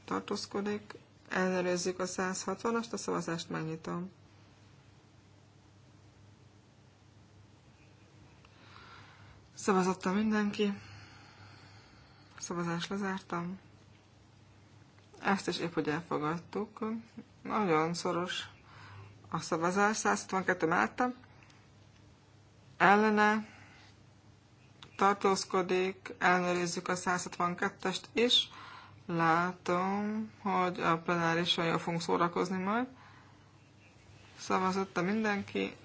Tartózkodik. Ellenőrizzük a 160-ast, a szavazást megnyitom. Szavazottam mindenki. Szavazást lezártam. Ezt is épp, hogy elfogadtuk. Nagyon szoros a szavazás. 162 mellettem. Ellene tartózkodik, ellenőrizzük a 162-est is. Látom, hogy a plenárisan jól fogunk szórakozni majd. Szavazotta mindenki.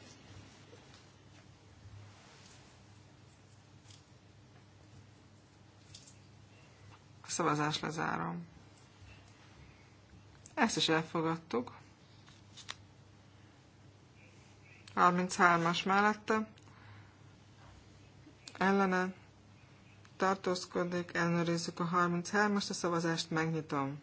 A szavazás lezárom. Ezt is elfogadtuk. 33-as mellette ellene tartózkodik, ellenőrizzük a 33-as, a szavazást megnyitom.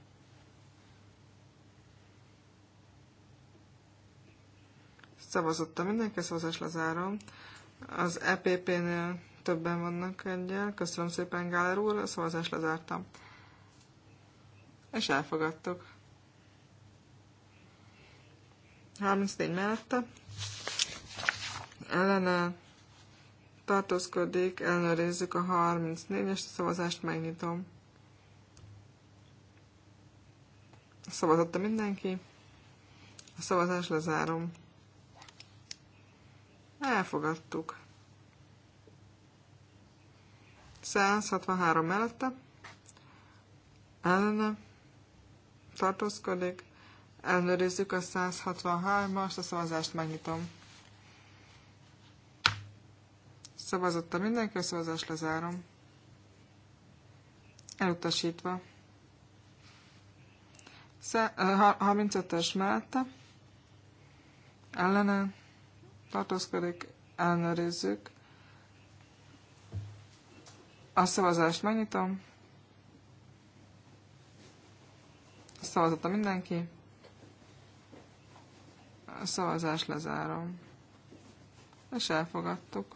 Szavazotta mindenki, a szavazás lezárom. Az EPP-nél többen vannak egyel. Köszönöm szépen, Gáler úr, a szavazást lezártam. És elfogadtuk. 34 mellette ellene tartózkodik, ellenőrizzük a 34-es szavazást, megnyitom. Szavazotta mindenki. A szavazást lezárom. Elfogadtuk. 163 mellette ellene tartózkodik, Ellenőrizzük a 163 as a szavazást megnyitom. Szavazotta mindenki, a szavazást lezárom. Elutasítva. 35-ös mellette. Ellene tartózkodik, ellenőrizzük. A szavazást megnyitom. Szavazotta mindenki. A szavazás lezárom. És elfogadtuk.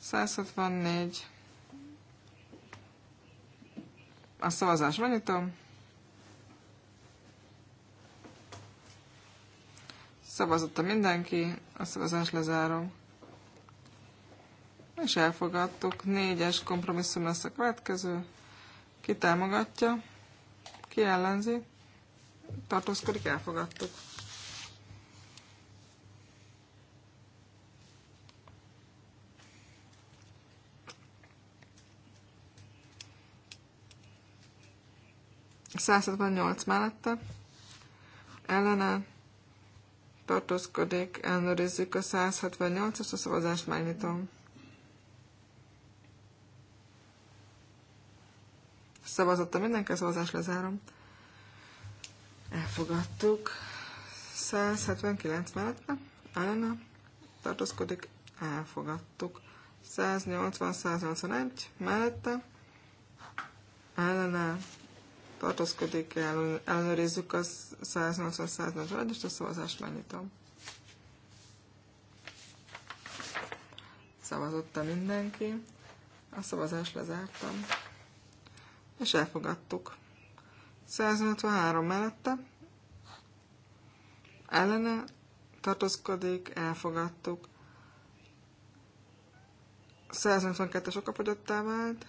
164. A szavazás megnyitom. Szavazotta mindenki, a szavazás lezárom. És elfogadtuk. Négyes kompromisszum lesz a következő. Ki támogatja? Ki ellenzi? Tartózkodik, elfogadtuk. 168 mellette ellene tartózkodik, ellenőrizzük a 168-as, a szavazást megnyitom. Szavazotta mindenki, a szavazás lezárom. Elfogadtuk. 179 mellette ellene tartózkodik, elfogadtuk. 180-181 mellette ellene tartózkodik el, ellenőrizzük a 180-181, és a szavazást megnyitom. Szavazotta mindenki, a szavazást lezártam, és elfogadtuk. 153 mellette, ellene tartózkodik, elfogadtuk. 152 es okapogyottá vált,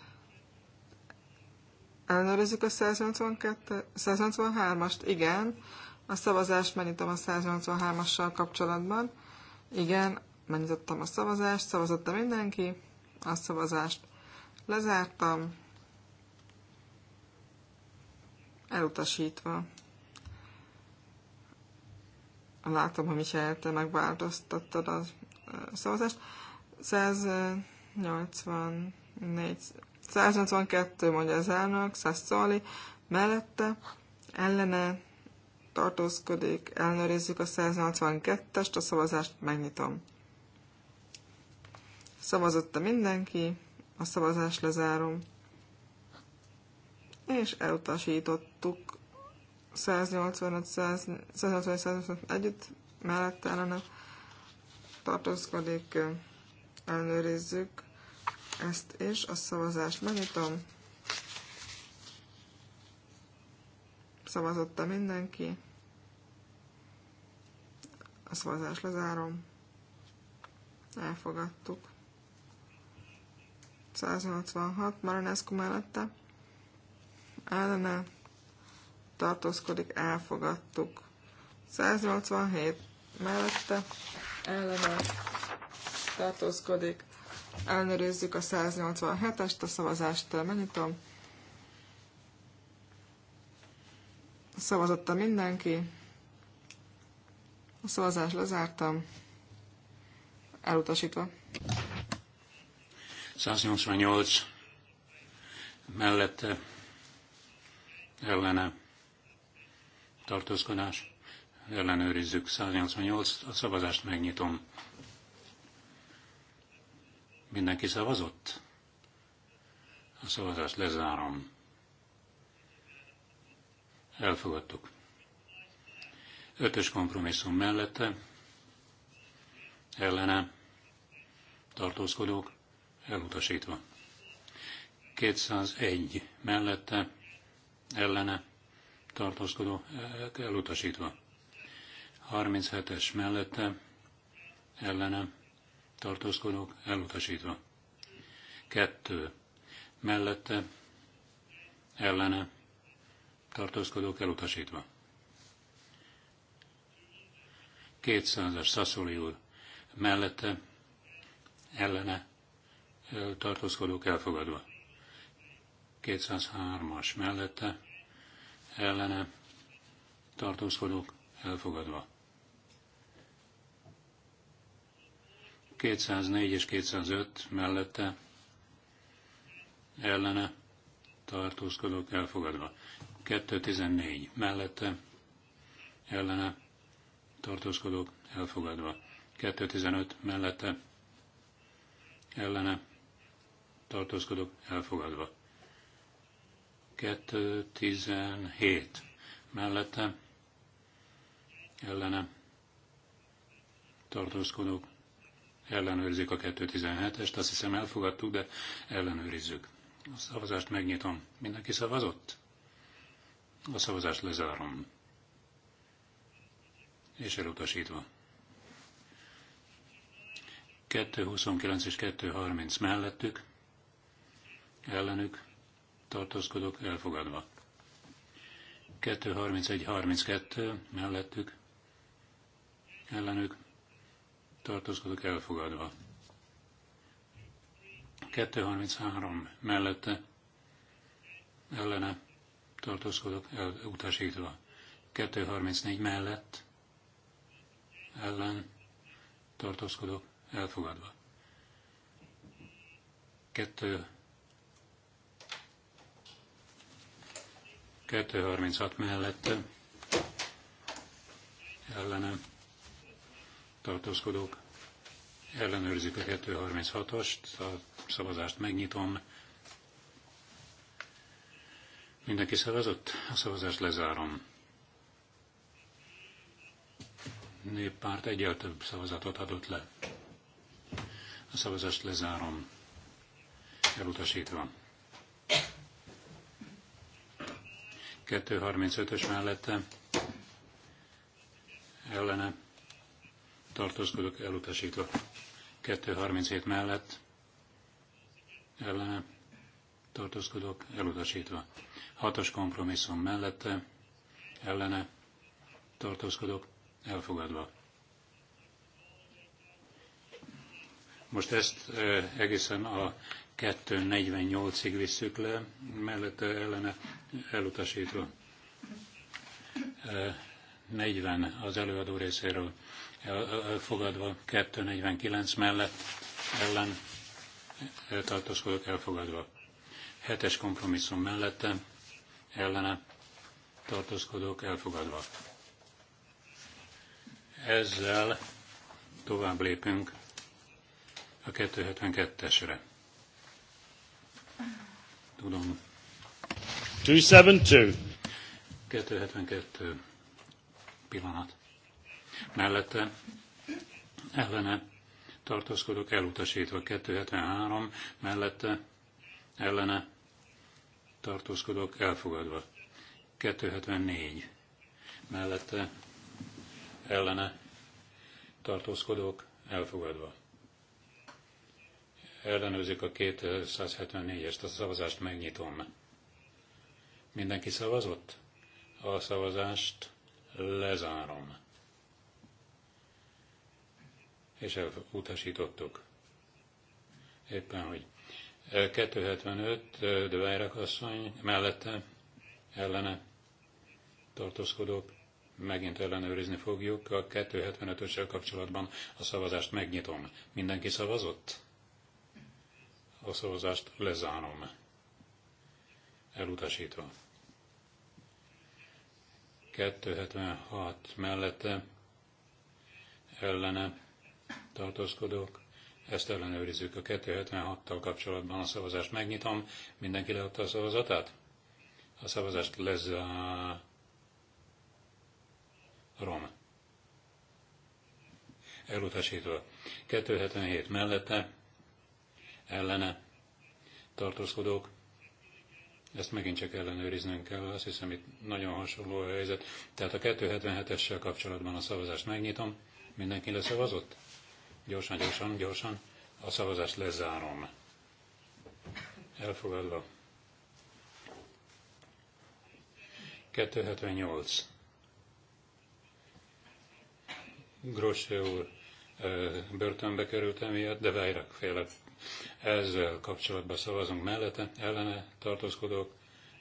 Ellenőrizzük a 183-ast? Igen. A szavazást megnyitom a 183-assal kapcsolatban. Igen, megnyitottam a szavazást, szavazotta mindenki. A szavazást lezártam. Elutasítva. Látom, hogy Michael, te megváltoztattad a szavazást. 184 182 mondja az elnök, Sassoli, mellette ellene tartózkodik, ellenőrizzük a 182-est, a szavazást megnyitom. Szavazotta mindenki, a szavazást lezárom. És elutasítottuk 185-185 együtt, mellette ellene tartózkodik, ellenőrizzük ezt és a szavazást megnyitom. Szavazotta mindenki. A szavazást lezárom. Elfogadtuk. 186 Maranescu mellette. Ellene tartózkodik, elfogadtuk. 187 mellette ellene tartózkodik, ellenőrizzük a 187-est, a szavazást megnyitom. Szavazotta mindenki. A szavazást lezártam. Elutasítva. 188 mellette ellene tartózkodás. Ellenőrizzük. 188 a szavazást megnyitom. Mindenki szavazott? A szavazást lezárom. Elfogadtuk. Ötös kompromisszum mellette, ellene, tartózkodók, elutasítva. 201 mellette, ellene, tartózkodó, elutasítva. 37-es mellette, ellene, tartózkodók elutasítva. Kettő mellette, ellene, tartózkodók elutasítva. 200-as Szaszoli úr mellette, ellene, tartózkodók elfogadva. 203-as mellette, ellene, tartózkodók elfogadva. 204 és 205 mellette ellene tartózkodók elfogadva. 214 mellette ellene tartózkodók elfogadva. 215 mellette ellene tartózkodók elfogadva. 217 mellette ellene tartózkodók ellenőrzik a 217-est, azt hiszem elfogadtuk, de ellenőrizzük. A szavazást megnyitom. Mindenki szavazott? A szavazást lezárom. És elutasítva. 2.29 és 2.30 mellettük, ellenük tartózkodok elfogadva. 2.31-32 mellettük, ellenük tartózkodók elfogadva. 233 mellette ellene tartózkodok el, utasítva. 234 mellett ellen tartózkodok elfogadva. 2 236 mellette ellenem tartózkodók, ellenőrzik a 236-ost, a szavazást megnyitom. Mindenki szavazott? A szavazást lezárom. Néppárt egyel több szavazatot adott le. A szavazást lezárom. Elutasítva. 235-ös mellette ellene tartózkodok elutasítva. 237 mellett ellene tartózkodok elutasítva. 6-os kompromisszum mellette ellene tartózkodok elfogadva. Most ezt egészen a 248-ig visszük le, mellette ellene elutasítva. 40 az előadó részéről elfogadva, 249 mellett ellen tartózkodok elfogadva, 7-es kompromisszum mellette ellene tartózkodók elfogadva. Ezzel tovább lépünk a 272-esre. Tudom. 272. 272 pillanat mellette ellene tartózkodok elutasítva 273, mellette ellene tartózkodok elfogadva 274, mellette ellene tartózkodok elfogadva. Ellenőrzik a 274-est, a szavazást megnyitom. Mindenki szavazott? A szavazást lezárom és elutasítottuk. Éppen, hogy 275, de Vájrak asszony mellette, ellene tartózkodók, megint ellenőrizni fogjuk. A 275-össel kapcsolatban a szavazást megnyitom. Mindenki szavazott? A szavazást lezárom. Elutasítva. 276 mellette, ellene tartózkodók, ezt ellenőrizzük a 276-tal kapcsolatban a szavazást. Megnyitom, mindenki leadta a szavazatát? A szavazást Rom. Elutasítva. 277 mellette, ellene, tartózkodók, ezt megint csak ellenőriznünk kell, azt hiszem itt nagyon hasonló a helyzet. Tehát a 277-essel kapcsolatban a szavazást megnyitom, mindenki leszavazott? Gyorsan, gyorsan, gyorsan. A szavazást lezárom. Elfogadva. 278. Grosse úr börtönbe került emiatt, de Vajrak félek. ezzel kapcsolatban szavazunk mellette, ellene tartózkodók,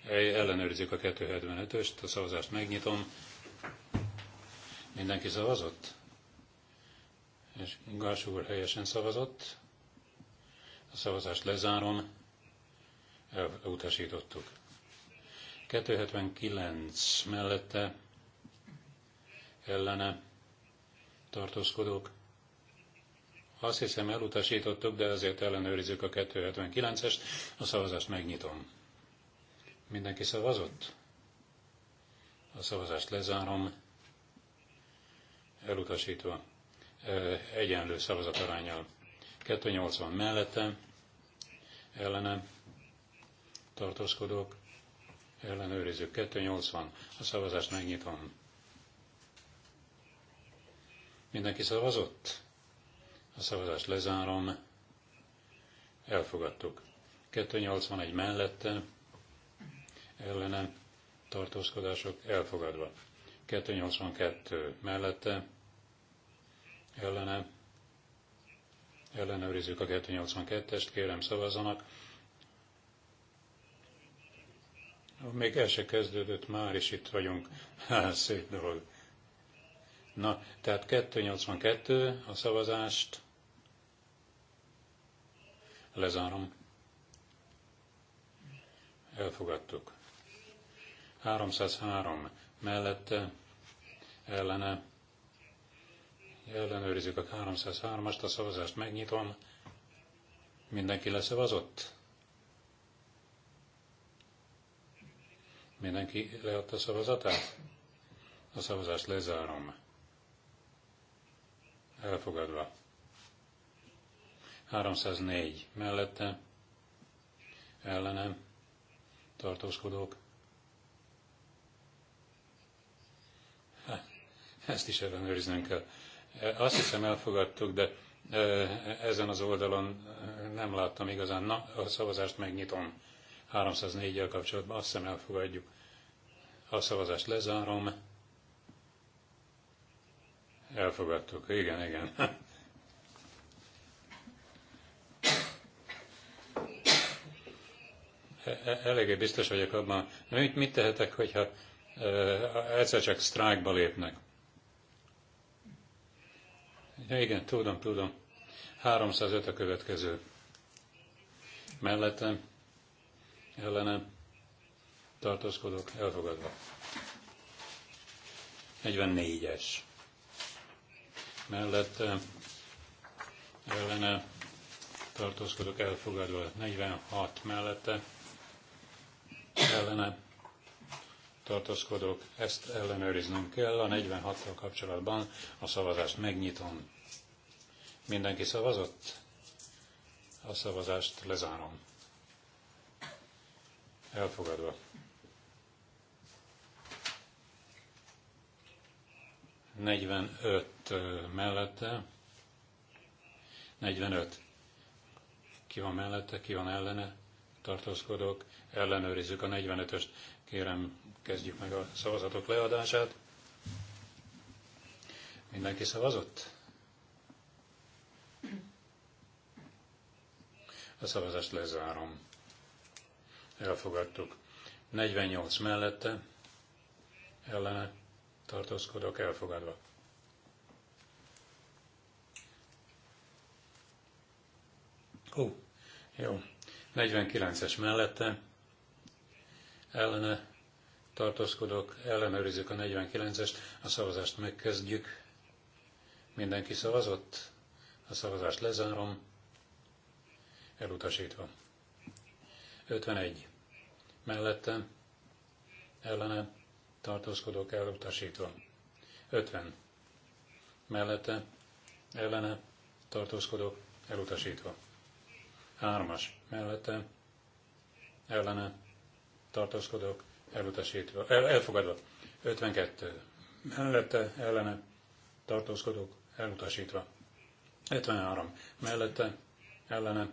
ellenőrizzük a 275-öst, a szavazást megnyitom. Mindenki szavazott? és Gás úr helyesen szavazott. A szavazást lezárom, elutasítottuk. 279 mellette ellene tartózkodók. Azt hiszem elutasítottuk, de azért ellenőrizzük a 279-est. A szavazást megnyitom. Mindenki szavazott? A szavazást lezárom, elutasítva egyenlő szavazatarányjal 280 mellette, ellene, tartózkodók, ellenőrizők. 280, a szavazást megnyitom. Mindenki szavazott? A szavazást lezárom. Elfogadtuk. 281 mellette, ellene, tartózkodások elfogadva. 282 mellette, ellene, ellenőrizzük a 282-est, kérem szavazzanak. Még el se kezdődött, már is itt vagyunk. Há, szép dolog. Na, tehát 282 a szavazást. Lezárom. Elfogadtuk. 303 mellette, ellene, ellenőrizzük a 303-ast, a szavazást megnyitom. Mindenki leszavazott? Mindenki leadta a szavazatát? A szavazást lezárom. Elfogadva. 304 mellette, ellenem, tartózkodók. Hát, ezt is ellenőriznünk kell. Eh, azt hiszem elfogadtuk, de eh, ezen az oldalon eh, nem láttam igazán. Na, a szavazást megnyitom. 304-jel kapcsolatban azt hiszem elfogadjuk. A szavazást lezárom. Elfogadtuk. Igen, igen. E, e, eléggé biztos vagyok abban. Mit, mit tehetek, hogyha egyszer csak sztrájkba lépnek? Ja, igen, tudom, tudom. 305 a következő. Mellettem, ellenem, tartózkodok, elfogadva. 44-es. Mellette, ellene, tartózkodok, elfogadva. 46 mellette, ellene, tartózkodok, ezt ellenőriznem kell. A 46-tal kapcsolatban a szavazást megnyitom. Mindenki szavazott? A szavazást lezárom. Elfogadva. Negyvenöt mellette. 45. Ki van mellette, ki van ellene? Tartózkodok. Ellenőrizzük a 45-öst. Kérem, kezdjük meg a szavazatok leadását. Mindenki szavazott? A szavazást lezárom. Elfogadtuk. 48 mellette, ellene tartózkodok, elfogadva. Hú, jó. 49-es mellette, ellene tartózkodok, ellenőrizzük a 49-est, a szavazást megkezdjük. Mindenki szavazott? A szavazást lezárom elutasítva. 51 mellette, ellene, tartózkodók elutasítva. 50 mellette, ellene, tartózkodók elutasítva. 3-as mellette, ellene, tartózkodók elutasítva, el, elfogadva. 52 mellette, ellene, tartózkodók elutasítva. 53 mellette, ellene,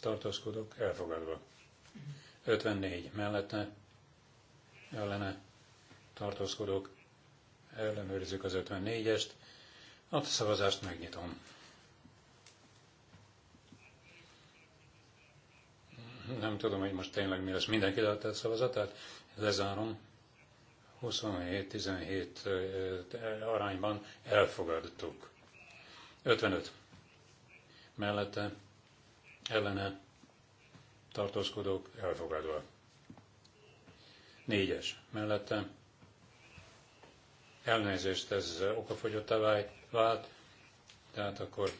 tartózkodok, elfogadva. 54 mellette ellene tartózkodok, ellenőrizzük az 54-est, a szavazást megnyitom. Nem tudom, hogy most tényleg mi lesz. Mindenki a szavazatát? Lezárom. 27-17 arányban elfogadtuk. 55 mellette ellene tartózkodók elfogadva. Négyes mellette elnézést ez okafogyottá vált, tehát akkor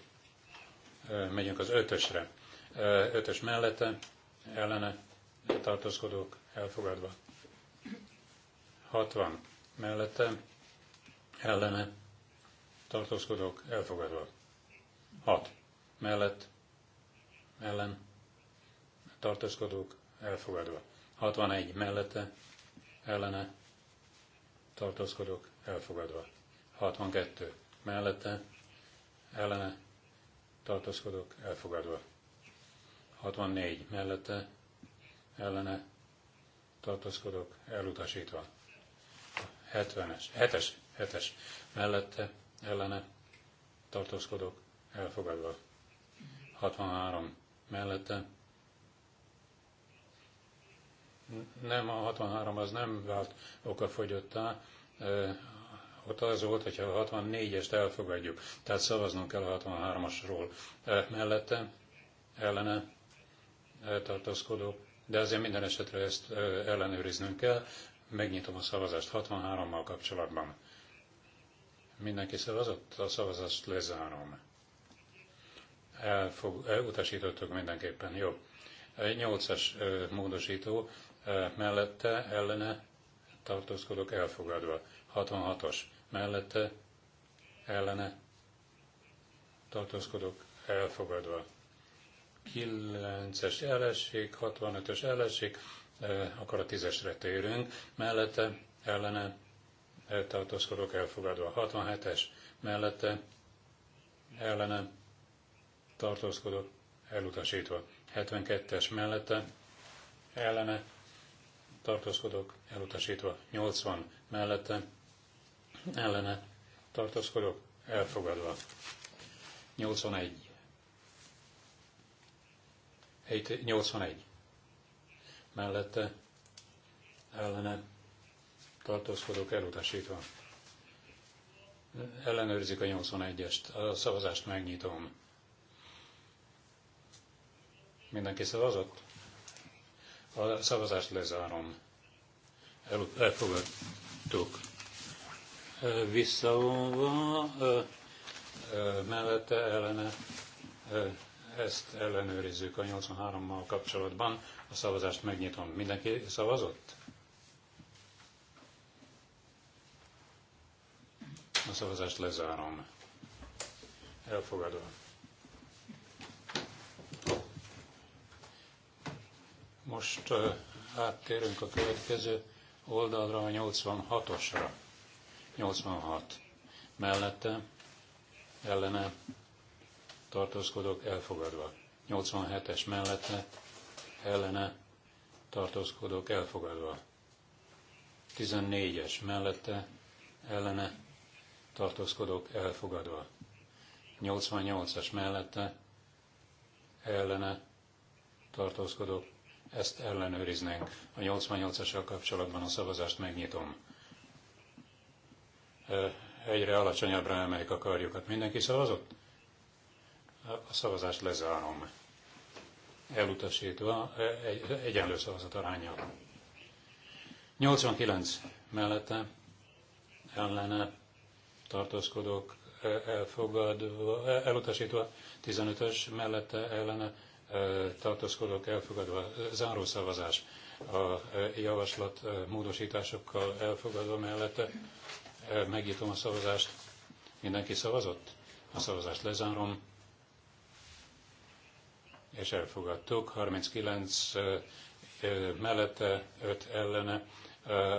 megyünk az ötösre. Ötös mellette ellene tartózkodók elfogadva. 60 mellette ellene tartózkodók elfogadva. 6 mellett ellen tartózkodók elfogadva. 61 mellette ellene tartózkodók elfogadva. 62 mellette ellene tartózkodók elfogadva. 64 mellette ellene tartózkodók elutasítva. 70-es, 7-es, 7-es mellette ellene tartózkodók elfogadva. 63 mellette. Nem, a 63 az nem vált fogyottá. ott az volt, hogyha a 64-est elfogadjuk, tehát szavaznunk kell a 63-asról mellette, ellene tartózkodók, de azért minden esetre ezt ellenőriznünk kell. Megnyitom a szavazást 63-mal kapcsolatban. Mindenki szavazott? A szavazást lezárom elfog, elutasítottuk mindenképpen. Jó. 8-as módosító mellette ellene tartózkodok elfogadva. 66-os mellette ellene tartózkodok elfogadva. 9-es ellenség, 65-ös ellenség, akkor a 10-esre térünk, mellette ellene tartózkodok elfogadva. 67-es mellette ellene tartózkodott, elutasítva. 72-es mellette, ellene, tartózkodok, elutasítva. 80 mellette, ellene, tartózkodok, elfogadva. 81. 81. Mellette, ellene, tartózkodok, elutasítva. Ellenőrzik a 81-est, a szavazást megnyitom. Mindenki szavazott? A szavazást lezárom. El, elfogadtuk. Visszavonva, mellette ellene, ezt ellenőrizzük a 83-mal kapcsolatban. A szavazást megnyitom. Mindenki szavazott? A szavazást lezárom. Elfogadom. Most áttérünk a következő oldalra, a 86-osra. 86. Mellette, ellene, tartózkodok, elfogadva. 87-es mellette, ellene, tartózkodok, elfogadva. 14-es mellette, ellene, tartózkodok, elfogadva. 88-as mellette, ellene, tartózkodok, ezt ellenőriznénk. A 88-assal kapcsolatban a szavazást megnyitom. Egyre alacsonyabbra emelik a karjukat. Mindenki szavazott? A szavazást lezárom. Elutasítva egy, egyenlő szavazat aránya. 89 mellette ellene tartózkodók elfogadva, elutasítva, 15-ös mellette ellene tartózkodok elfogadva, záró szavazás a javaslat módosításokkal elfogadva mellette. Megnyitom a szavazást. Mindenki szavazott? A szavazást lezárom. És elfogadtuk. 39 mellette, 5 ellene.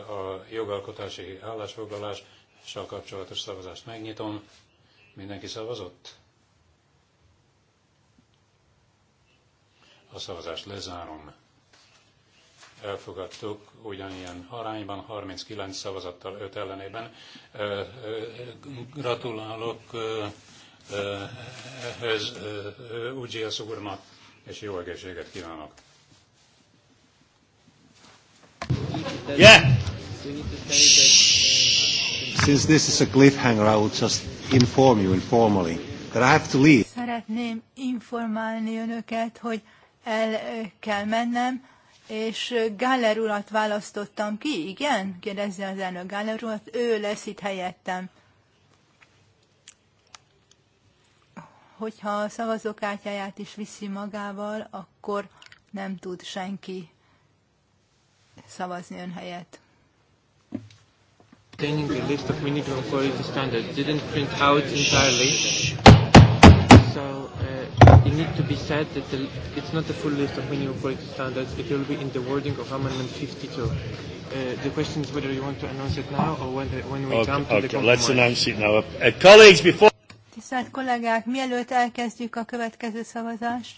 A jogalkotási állásfoglalással kapcsolatos szavazást megnyitom. Mindenki szavazott? A szavazást lezárom. Elfogadtuk ugyanilyen arányban, 39 szavazattal 5 ellenében. Gratulálok ehhez Ugyiasz úrnak, és jó egészséget kívánok. Yeah! Since this is a cliffhanger, I will just inform you informally that I have to leave. Szeretném informálni önöket, hogy el kell mennem, és Gáler urat választottam ki, igen? kérdezi az elnök Gáler urat, ő lesz itt helyettem. Hogyha a szavazókártyáját is viszi magával, akkor nem tud senki szavazni ön helyett. Containing the list of minimum quality standards didn't print out entirely, so uh, it needs to be said that the, it's not a full list of minimum quality standards. It will be in the wording of Amendment 52. Uh, the question is whether you want to announce it now or when, the, when we okay, come to okay, the compromise. Let's announce it now. Uh, colleagues, before... Tisztelt kollégák, mielőtt elkezdjük a következő szavazást,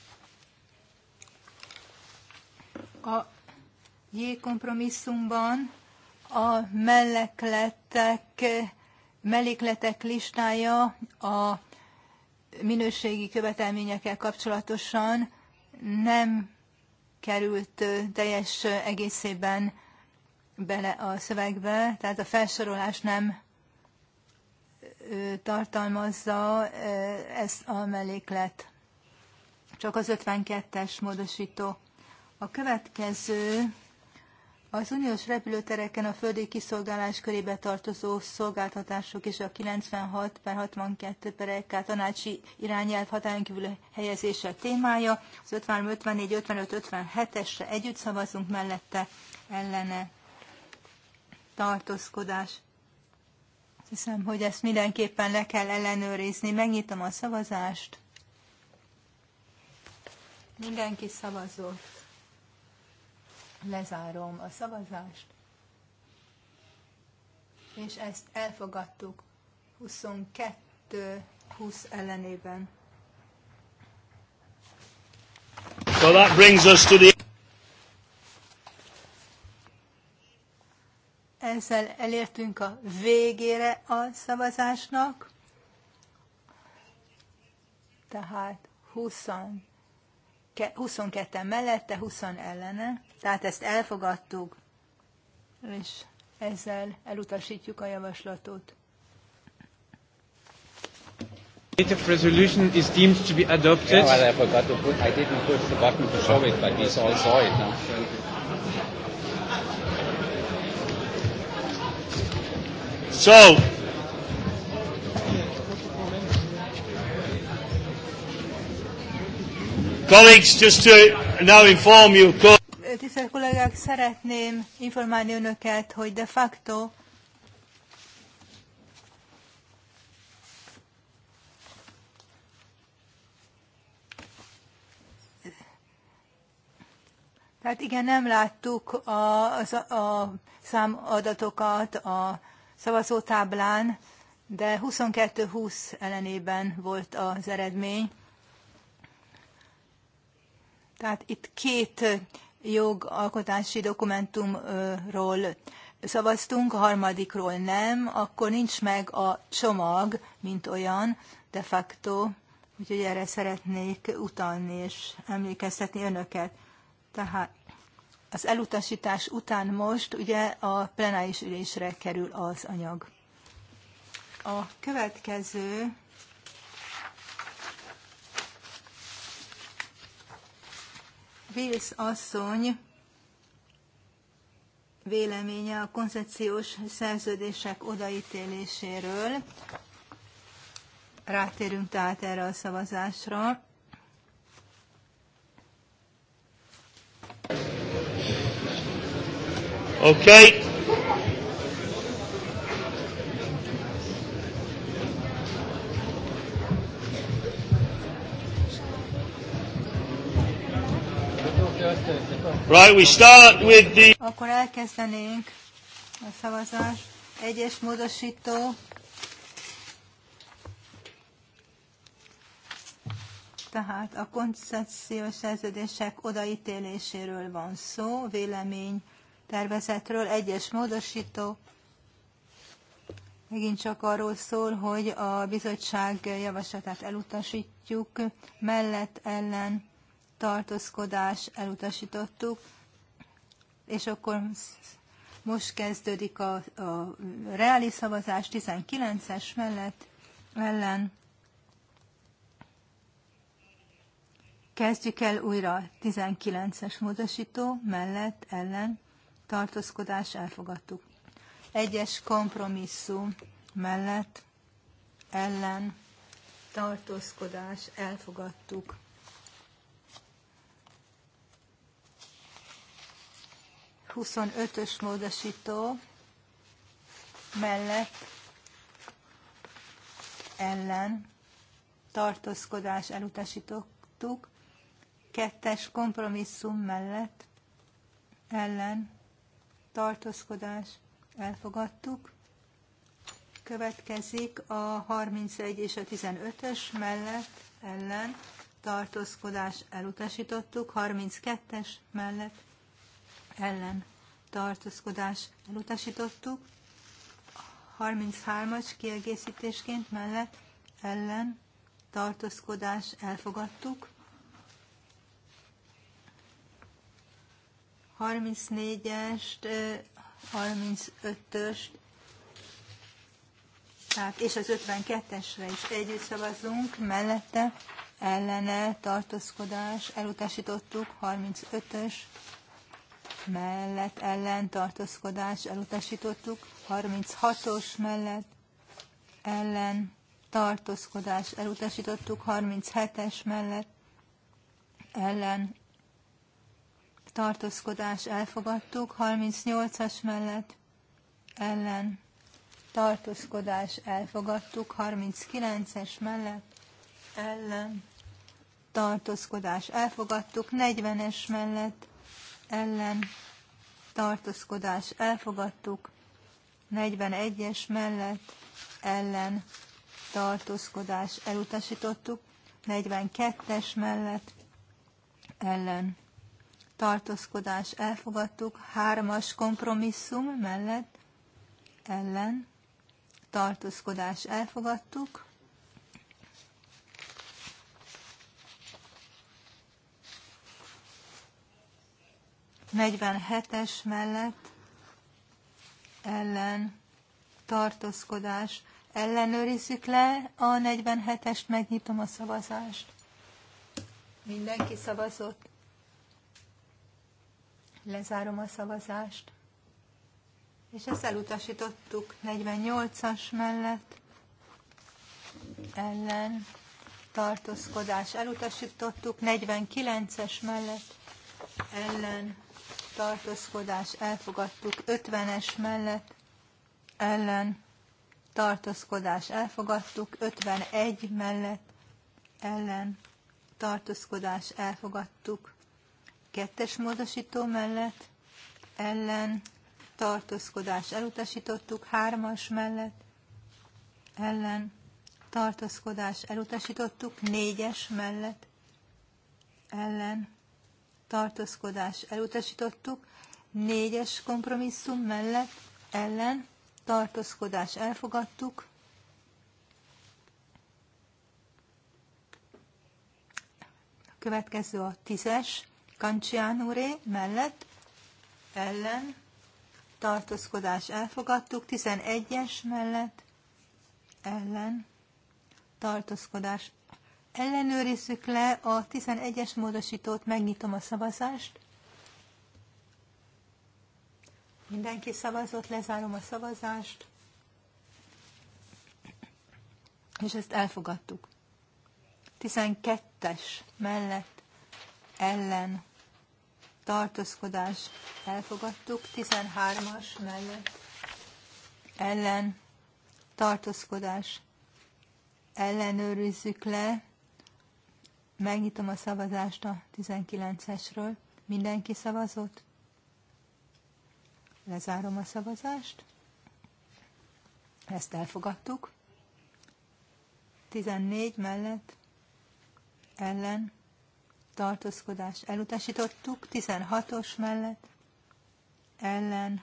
a J kompromisszumban a mellekletek, mellékletek listája a minőségi követelményekkel kapcsolatosan nem került teljes egészében bele a szövegbe, tehát a felsorolás nem tartalmazza ezt a melléklet. Csak az 52-es módosító. A következő az uniós repülőtereken a földi kiszolgálás körébe tartozó szolgáltatások és a 96 per 62 per EK tanácsi irányelv hatályon kívül helyezése témája. Az 53, 54, 55, 57-esre együtt szavazunk mellette ellene tartózkodás. Hiszem, hogy ezt mindenképpen le kell ellenőrizni. Megnyitom a szavazást. Mindenki szavazott. Lezárom a szavazást, és ezt elfogadtuk 22 20 ellenében. So that brings us to the Ezzel elértünk a végére a szavazásnak. Tehát 20 22-en mellette, 20 ellene, tehát ezt elfogadtuk, és ezzel elutasítjuk a javaslatot. Native resolution is deemed to be adopted. Yeah, well, I forgot to put, I didn't push the button to show it, but we all saw it. Now. So, Colleagues, just to now inform you. Tisztelt kollégák, szeretném informálni önöket, hogy de facto Tehát igen, nem láttuk a, a, a számadatokat a szavazótáblán, de 22-20 ellenében volt az eredmény. Tehát itt két jogalkotási dokumentumról szavaztunk, a harmadikról nem, akkor nincs meg a csomag, mint olyan, de facto. Úgyhogy erre szeretnék utalni és emlékeztetni önöket. Tehát az elutasítás után most ugye a plenáris ülésre kerül az anyag. A következő Wills asszony véleménye a koncepciós szerződések odaítéléséről. Rátérünk tehát erre a szavazásra. Okay. Right, we start with the... Akkor elkezdenénk a szavazás. Egyes módosító. Tehát a koncepciós szerződések odaítéléséről van szó, vélemény tervezetről, egyes módosító. Megint csak arról szól, hogy a bizottság javaslatát elutasítjuk, mellett ellen tartózkodás elutasítottuk, és akkor most kezdődik a, a reális szavazás 19-es mellett ellen. Kezdjük el újra 19-es módosító mellett ellen tartózkodás elfogadtuk. Egyes kompromisszum mellett ellen tartózkodás elfogadtuk. 25-ös módosító mellett ellen tartózkodás elutasítottuk, kettes kompromisszum mellett ellen tartózkodás elfogadtuk. Következik a 31 és a 15-ös mellett ellen tartózkodás elutasítottuk, 32-es mellett ellen tartózkodás elutasítottuk. 33-as kiegészítésként mellett ellen tartózkodás elfogadtuk. 34-est, 35-öst, tehát és az 52-esre is együtt szavazunk, mellette ellene tartózkodás, elutasítottuk 35-ös mellett ellen tartózkodás elutasítottuk, 36-os mellett ellen tartózkodás elutasítottuk, 37-es mellett ellen tartózkodás elfogadtuk, 38-as mellett ellen tartózkodás elfogadtuk, 39-es mellett ellen tartózkodás elfogadtuk, 40-es mellett ellen tartózkodás elfogadtuk, 41-es mellett ellen tartózkodás elutasítottuk, 42-es mellett ellen tartózkodás elfogadtuk, 3-as kompromisszum mellett ellen tartózkodás elfogadtuk, 47-es mellett ellen tartózkodás. Ellenőrizzük le a 47-est, megnyitom a szavazást. Mindenki szavazott. Lezárom a szavazást. És ezt elutasítottuk 48-as mellett ellen tartózkodás elutasítottuk, 49-es mellett ellen tartózkodás elfogadtuk, 50-es mellett ellen tartózkodás elfogadtuk, 51 mellett ellen tartózkodás elfogadtuk, kettes módosító mellett ellen tartózkodás elutasítottuk, hármas mellett ellen tartózkodás elutasítottuk, négyes mellett ellen tartózkodás elutasítottuk, négyes kompromisszum mellett ellen tartózkodás elfogadtuk, következő a tízes, Kancsiánúré mellett ellen tartózkodás elfogadtuk, 11-es mellett ellen tartózkodás ellenőrizzük le a 11-es módosítót, megnyitom a szavazást. Mindenki szavazott, lezárom a szavazást. És ezt elfogadtuk. 12-es mellett ellen tartózkodás elfogadtuk, 13-as mellett ellen tartózkodás ellenőrizzük le, Megnyitom a szavazást a 19-esről. Mindenki szavazott? Lezárom a szavazást. Ezt elfogadtuk. 14 mellett ellen tartózkodást elutasítottuk, 16-os mellett ellen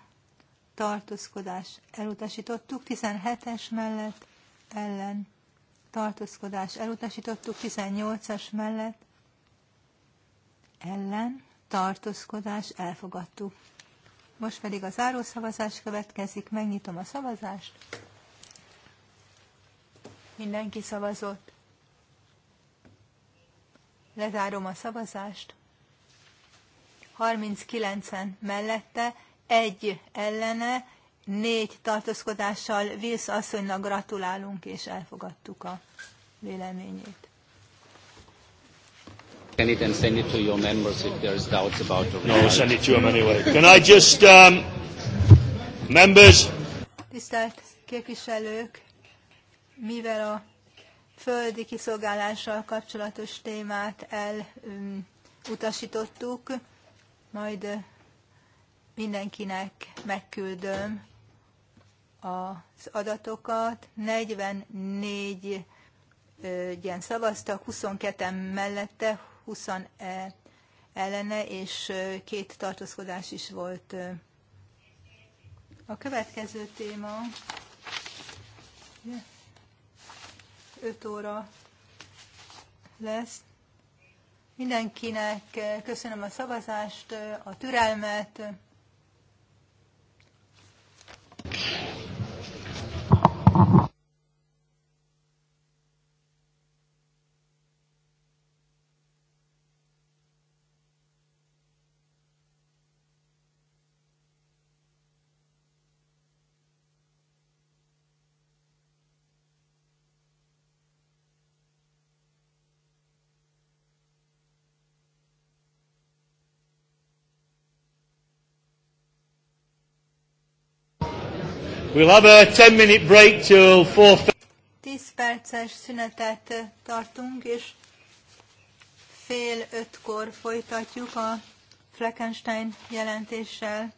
tartózkodás elutasítottuk, 17-es mellett ellen tartózkodás elutasítottuk, 18-as mellett ellen tartózkodás elfogadtuk. Most pedig a zárószavazás következik, megnyitom a szavazást. Mindenki szavazott. Lezárom a szavazást. 39-en mellette, egy ellene, négy tartózkodással Vilsz asszonynak gratulálunk, és elfogadtuk a véleményét. it and send it to your members if doubts about the No, send it to them anyway. Can I just, um, members? Tisztelt képviselők, mivel a földi kiszolgálással kapcsolatos témát elutasítottuk, um, majd mindenkinek megküldöm az adatokat, 44 ilyen szavaztak, 22-en mellette, 20 e, ellene, és két tartózkodás is volt. A következő téma 5 óra lesz. Mindenkinek köszönöm a szavazást, a türelmet. We'll have a 10 minute break till 4:30. 10 perces szünetet tartunk, és fél ötkor folytatjuk a Fleckenstein jelentéssel.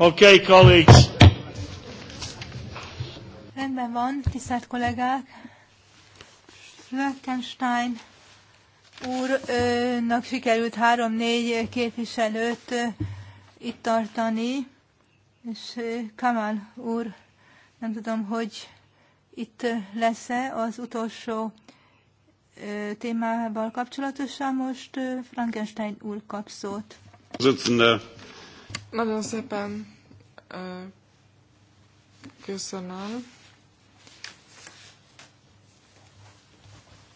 Okay, colleagues. Rendben van, tisztelt kollégák. Lökkenstein úrnak sikerült három-négy képviselőt itt tartani, és Kamal úr, nem tudom, hogy itt lesz-e az utolsó témával kapcsolatosan. Most Frankenstein úr kap szót. Nagyon szépen köszönöm.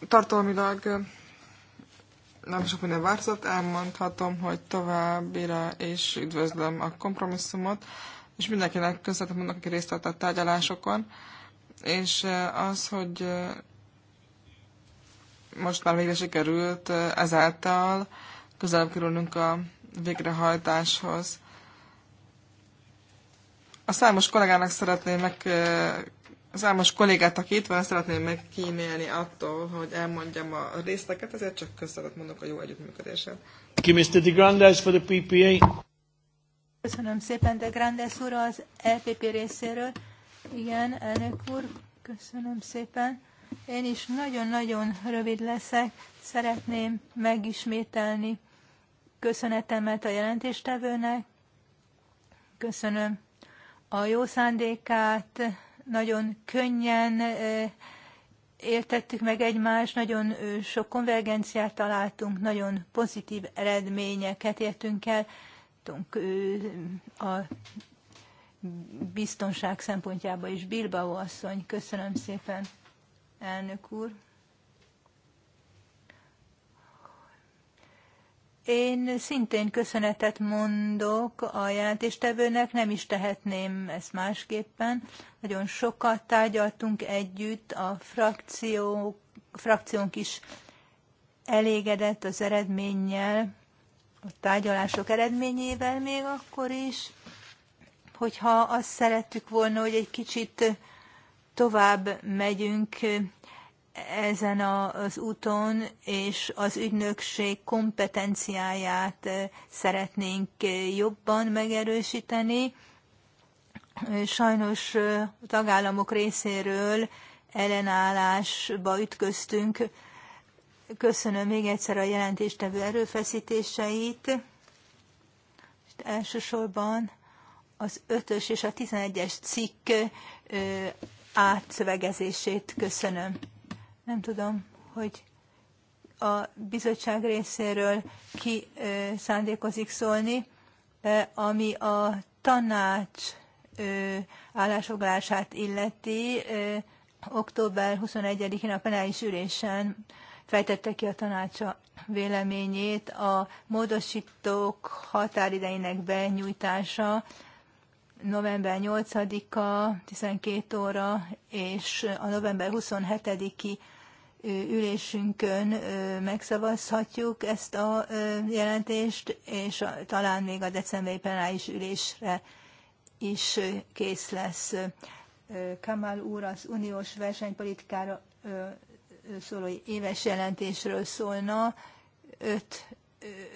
Tartalmilag nem sok minden változott, elmondhatom, hogy továbbira és üdvözlöm a kompromisszumot, és mindenkinek köszönhetem mondok, aki részt vett a tárgyalásokon, és az, hogy most már végre sikerült ezáltal közelebb kerülnünk a végrehajtáshoz. A számos kollégának szeretném meg, a számos kollégát, aki itt van, szeretném megkímélni attól, hogy elmondjam a részleket, ezért csak köszönet mondok a jó együttműködésen. Thank you, Mr. De Grandes for the PPA. Köszönöm szépen, de Grandes úr az EPP részéről. Igen, elnök úr, köszönöm szépen. Én is nagyon-nagyon rövid leszek. Szeretném megismételni köszönetemet a jelentéstevőnek. Köszönöm a jó szándékát nagyon könnyen értettük meg egymást, nagyon sok konvergenciát találtunk, nagyon pozitív eredményeket értünk el a biztonság szempontjából is. Bilbao asszony, köszönöm szépen, elnök úr. Én szintén köszönetet mondok a jelentéstevőnek, nem is tehetném ezt másképpen. Nagyon sokat tárgyaltunk együtt, a frakció, frakciónk is elégedett az eredménnyel, a tárgyalások eredményével még akkor is, hogyha azt szerettük volna, hogy egy kicsit tovább megyünk, ezen az úton, és az ügynökség kompetenciáját eh, szeretnénk eh, jobban megerősíteni. Sajnos eh, a tagállamok részéről ellenállásba ütköztünk. Köszönöm még egyszer a jelentéstevő erőfeszítéseit. Elsősorban az 5-ös és a 11-es cikk átszövegezését köszönöm. Nem tudom, hogy a bizottság részéről ki szándékozik szólni, ami a tanács állásoglását illeti. Október 21-én a penális ülésen fejtette ki a tanácsa véleményét a módosítók határideinek benyújtása november 8-a 12 óra és a november 27-i ülésünkön megszavazhatjuk ezt a jelentést, és talán még a decemberi plenáris ülésre is kész lesz. Kamal úr az uniós versenypolitikára szóló éves jelentésről szólna.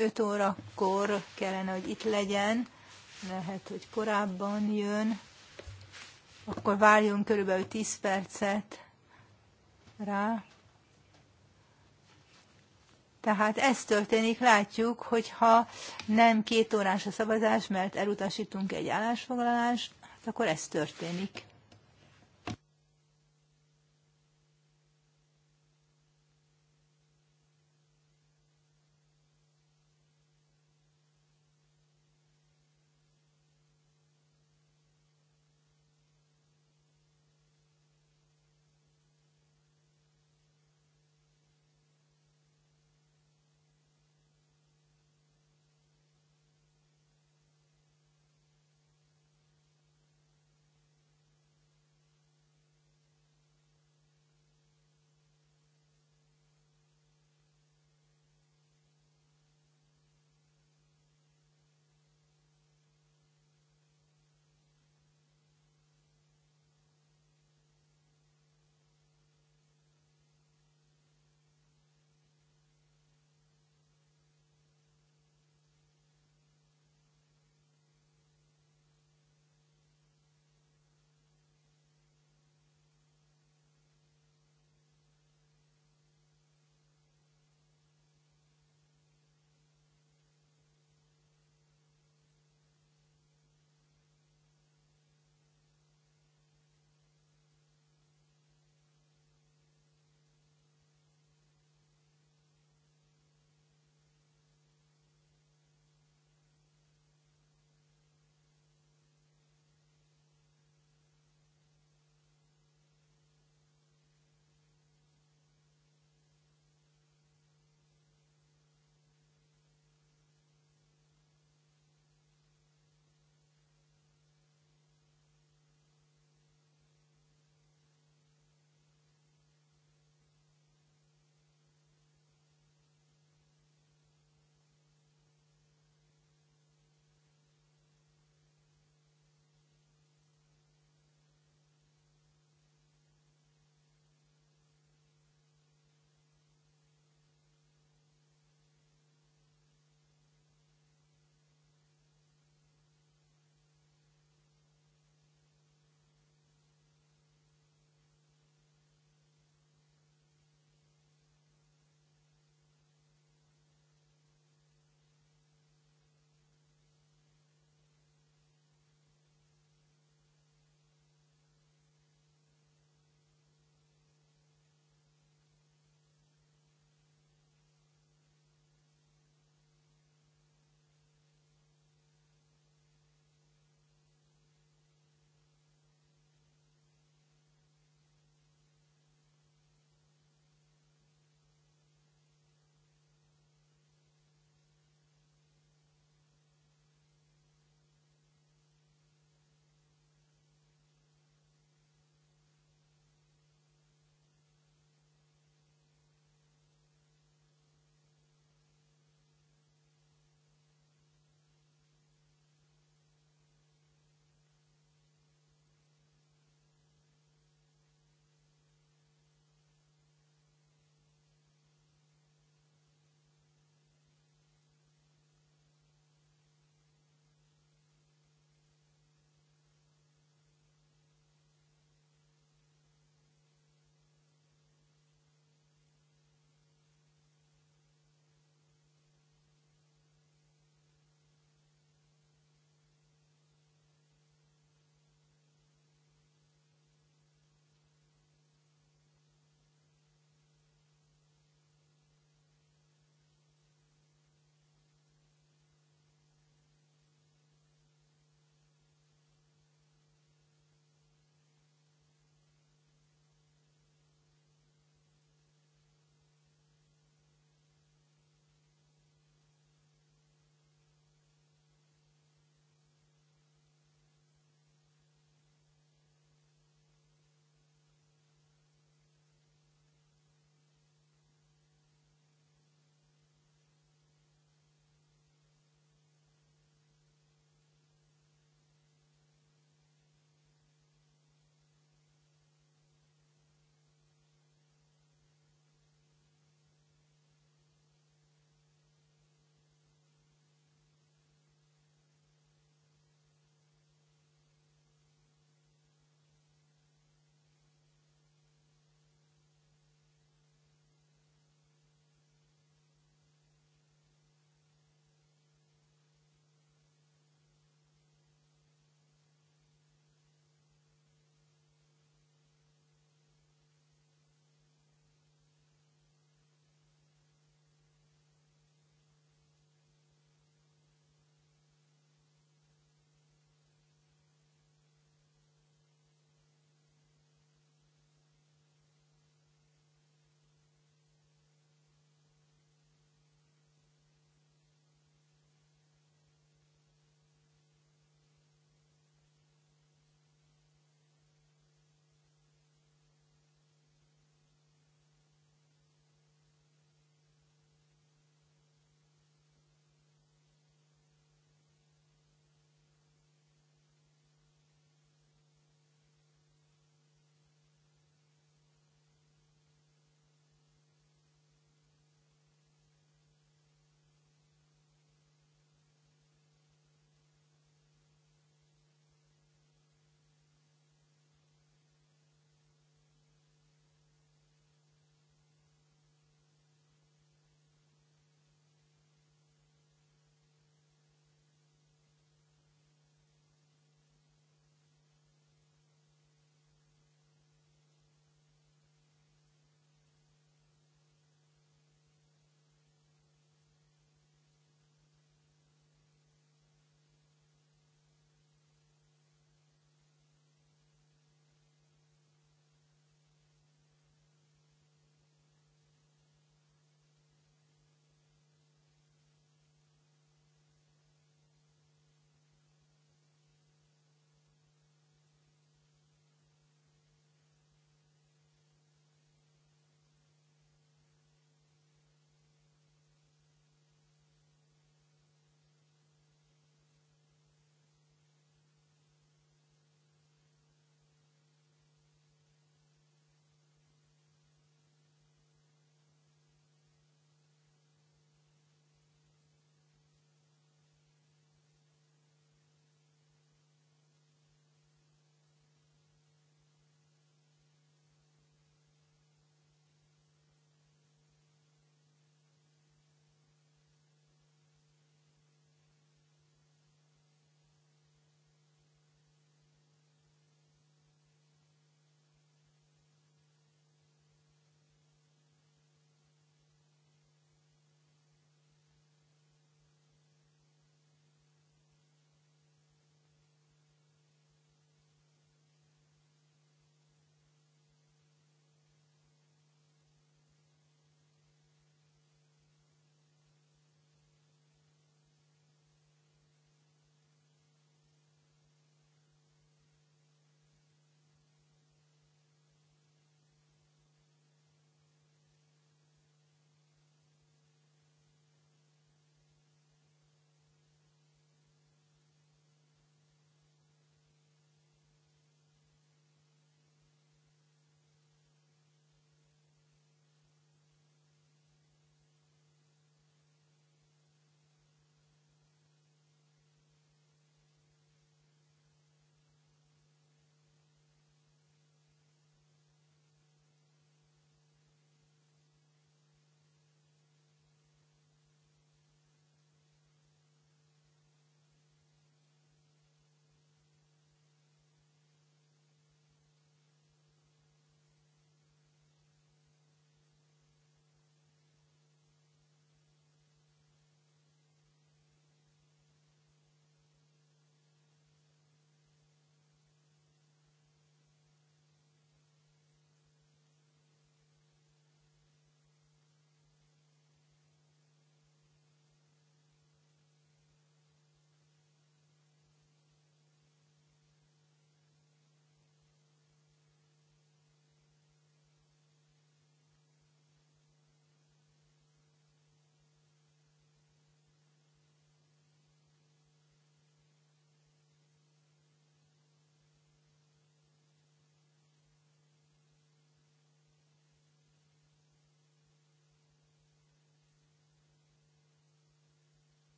5 órakor kellene, hogy itt legyen lehet, hogy korábban jön, akkor várjon körülbelül 10 percet rá. Tehát ez történik, látjuk, hogyha nem két órás a szavazás, mert elutasítunk egy állásfoglalást, hát akkor ez történik.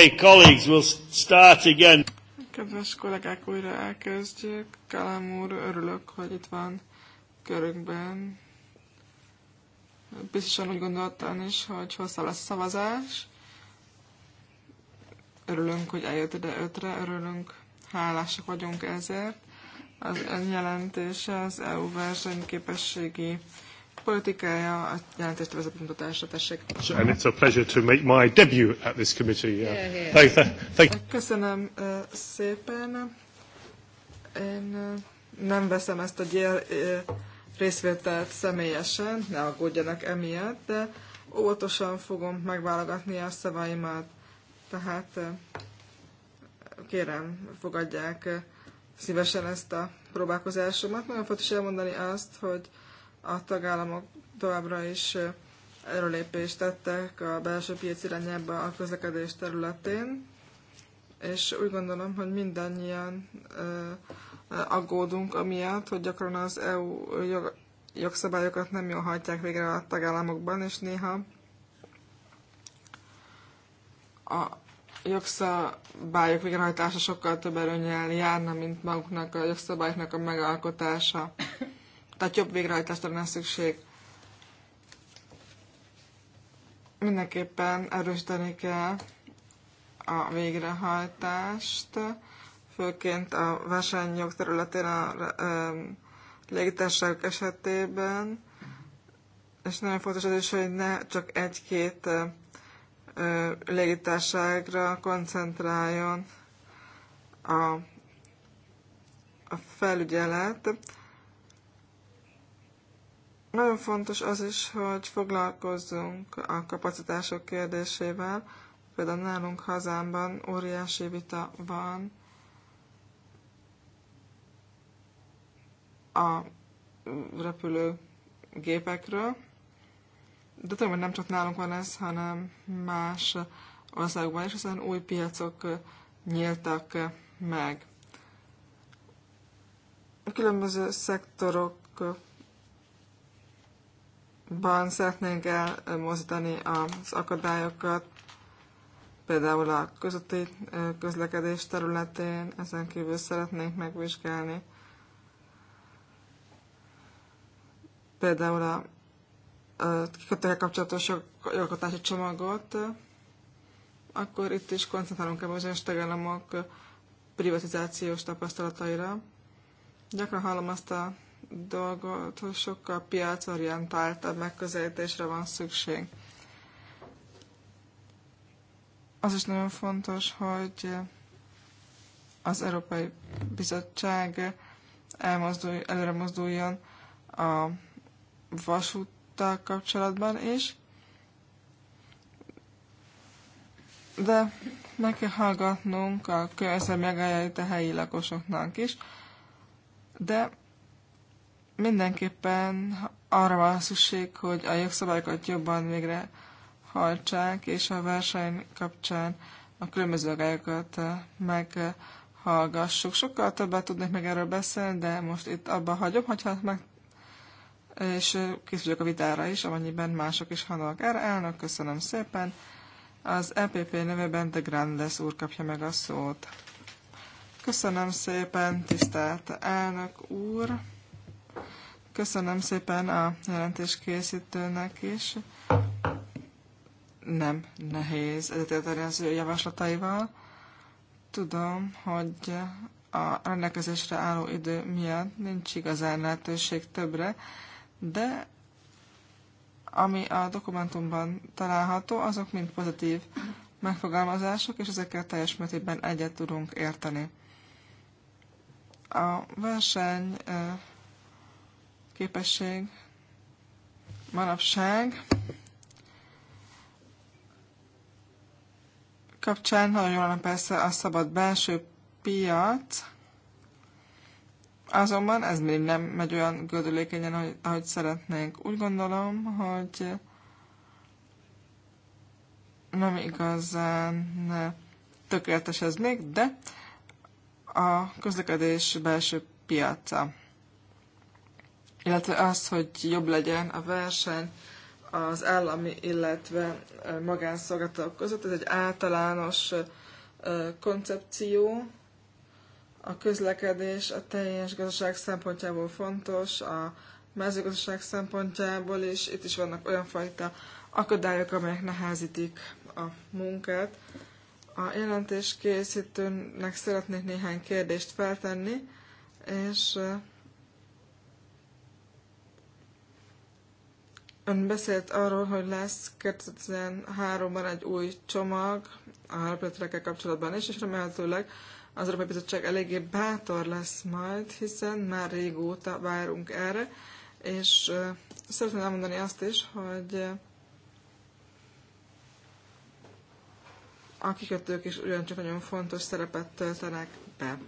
Hey, colleagues, we'll start again. Kedves kollégák, újra elkezdjük. Kálám úr, örülök, hogy itt van körünkben. Biztosan úgy gondoltam is, hogy hosszabb lesz szavazás. Örülünk, hogy eljött ide ötre, örülünk, hálásak vagyunk ezért. Az jelentése az EU versenyképességi politikája a jelentést vezet bemutatása, tessék. And it's a pleasure to make my debut at this committee. Uh, yeah, yeah. Thank, thank, thank. Köszönöm uh, szépen. Én uh, nem veszem ezt a gyél uh, részvételt személyesen, ne aggódjanak emiatt, de óvatosan fogom megválogatni a szavaimat. Tehát uh, kérem, fogadják uh, szívesen ezt a próbálkozásomat. Nagyon fontos elmondani azt, hogy uh, a tagállamok továbbra is erőlépést tettek a belső piac irányába a közlekedés területén, és úgy gondolom, hogy mindannyian aggódunk amiatt, hogy gyakran az EU jog, jogszabályokat nem jól hajtják végre a tagállamokban, és néha a jogszabályok végrehajtása sokkal több erőnyel járna, mint maguknak a jogszabályoknak a megalkotása tehát jobb végrehajtást lenne szükség. Mindenképpen erősíteni kell a végrehajtást, főként a versenyjog területén a légitársaságok esetében, és nagyon fontos az is, hogy ne csak egy-két légitárságra koncentráljon a, a felügyelet. Nagyon fontos az is, hogy foglalkozzunk a kapacitások kérdésével. Például nálunk hazámban óriási vita van a repülőgépekről, de tudom, hogy nem csak nálunk van ez, hanem más országokban is, hiszen új piacok nyíltak meg. A különböző szektorok ban szeretnénk elmozdítani az akadályokat, például a közötti közlekedés területén, ezen kívül szeretnénk megvizsgálni például a, a kikötőre kapcsolatos jogalkotási csomagot, akkor itt is koncentrálunk ebben bizonyos tagállamok privatizációs tapasztalataira. Gyakran hallom azt a dolgot, hogy sokkal piacorientáltabb megközelítésre van szükség. Az is nagyon fontos, hogy az Európai Bizottság elmozdulj, előre mozduljon a vasúttal kapcsolatban is, de meg kell hallgatnunk a környezet megállít a helyi lakosoknak is, de mindenképpen arra van szükség, hogy a jogszabályokat jobban végre hajtsák, és a verseny kapcsán a különböző agályokat eh, meghallgassuk. Sokkal többet tudnék meg erről beszélni, de most itt abba hagyom, hogyha meg és eh, kész vagyok a vitára is, amennyiben mások is hallanak erre. Elnök, köszönöm szépen. Az EPP nevében de Grandes úr kapja meg a szót. Köszönöm szépen, tisztelt elnök úr. Köszönöm szépen a készítőnek is. Nem nehéz egyetérteni az ő javaslataival. Tudom, hogy a rendelkezésre álló idő miatt nincs igazán lehetőség többre, de ami a dokumentumban található, azok mind pozitív megfogalmazások, és ezekkel teljes mértékben egyet tudunk érteni. A verseny képesség manapság kapcsán nagyon jól lenne persze a szabad belső piac, azonban ez még nem megy olyan gödülékenyen, ahogy, ahogy szeretnénk. Úgy gondolom, hogy nem igazán tökéletes ez még, de a közlekedés belső piaca illetve az, hogy jobb legyen a verseny az állami, illetve magánszolgáltatók között. Ez egy általános koncepció. A közlekedés a teljes gazdaság szempontjából fontos, a mezőgazdaság szempontjából is. Itt is vannak olyan fajta akadályok, amelyek nehezítik a munkát. A jelentéskészítőnek szeretnék néhány kérdést feltenni, és Ön beszélt arról, hogy lesz 2013-ban egy új csomag a repülőterekkel kapcsolatban is, és remélhetőleg az Európai Bizottság eléggé bátor lesz majd, hiszen már régóta várunk erre, és szeretném elmondani azt is, hogy a kikötők is ugyancsak nagyon fontos szerepet töltenek be.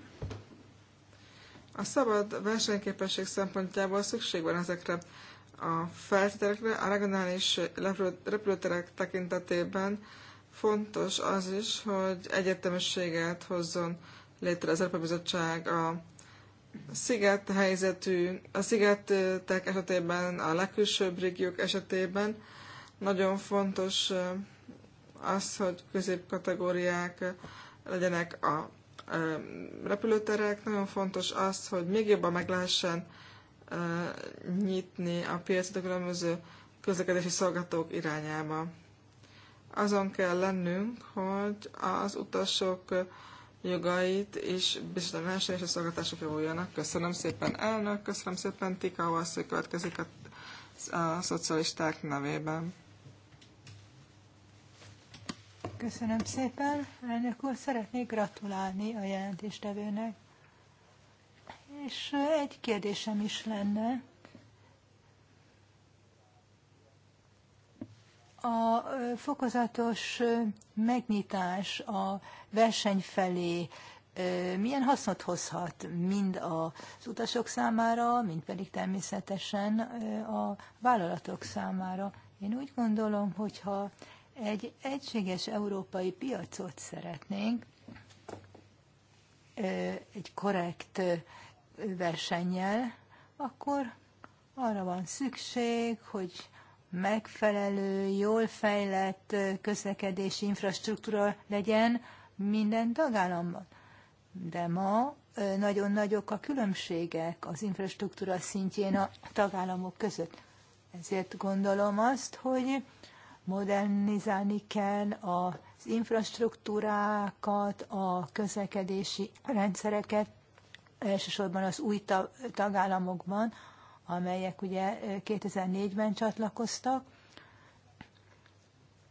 A szabad versenyképesség szempontjából szükség van ezekre a feltételekre, a regionális repülőterek tekintetében fontos az is, hogy egyetemességet hozzon létre az Európai Bizottság a sziget helyzetű, a szigetek esetében, a legkülsőbb régiók esetében nagyon fontos eh, az, hogy középkategóriák legyenek a eh, repülőterek, nagyon fontos az, hogy még jobban meg lehessen nyitni a piacot a különböző közlekedési szolgáltatók irányába. Azon kell lennünk, hogy az utasok jogait is biztosítanása és a szolgáltatások javuljanak. Köszönöm szépen elnök, köszönöm szépen Tika hogy következik a, a szocialisták nevében. Köszönöm szépen, elnök úr. Szeretnék gratulálni a jelentéstevőnek és egy kérdésem is lenne. A fokozatos megnyitás a verseny felé milyen hasznot hozhat mind az utasok számára, mind pedig természetesen a vállalatok számára. Én úgy gondolom, hogyha egy egységes európai piacot szeretnénk, egy korrekt versennyel, akkor arra van szükség, hogy megfelelő, jól fejlett közlekedési infrastruktúra legyen minden tagállamban. De ma nagyon nagyok a különbségek az infrastruktúra szintjén a tagállamok között. Ezért gondolom azt, hogy modernizálni kell az infrastruktúrákat, a közlekedési rendszereket, elsősorban az új tagállamokban, amelyek ugye 2004-ben csatlakoztak,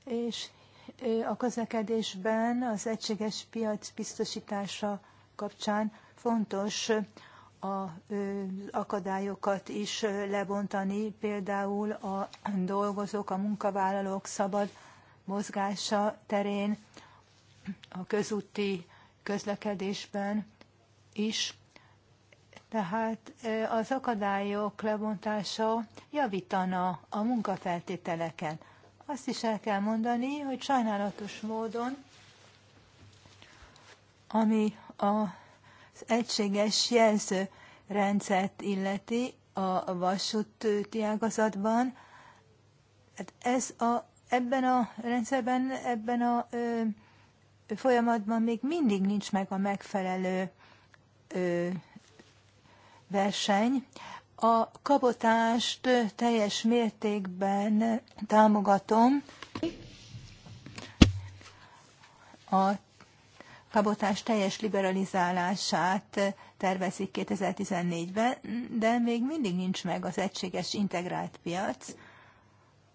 és a közlekedésben az egységes piac biztosítása kapcsán fontos az akadályokat is lebontani, például a dolgozók, a munkavállalók szabad mozgása terén, a közúti közlekedésben is tehát az akadályok lebontása javítana a munkafeltételeken. Azt is el kell mondani, hogy sajnálatos módon, ami az egységes jelzőrendszert illeti a vasúti ágazatban, hát ez a, ebben a rendszerben, ebben a ö, folyamatban még mindig nincs meg a megfelelő ö, verseny. A kabotást teljes mértékben támogatom. A kabotás teljes liberalizálását tervezik 2014-ben, de még mindig nincs meg az egységes integrált piac,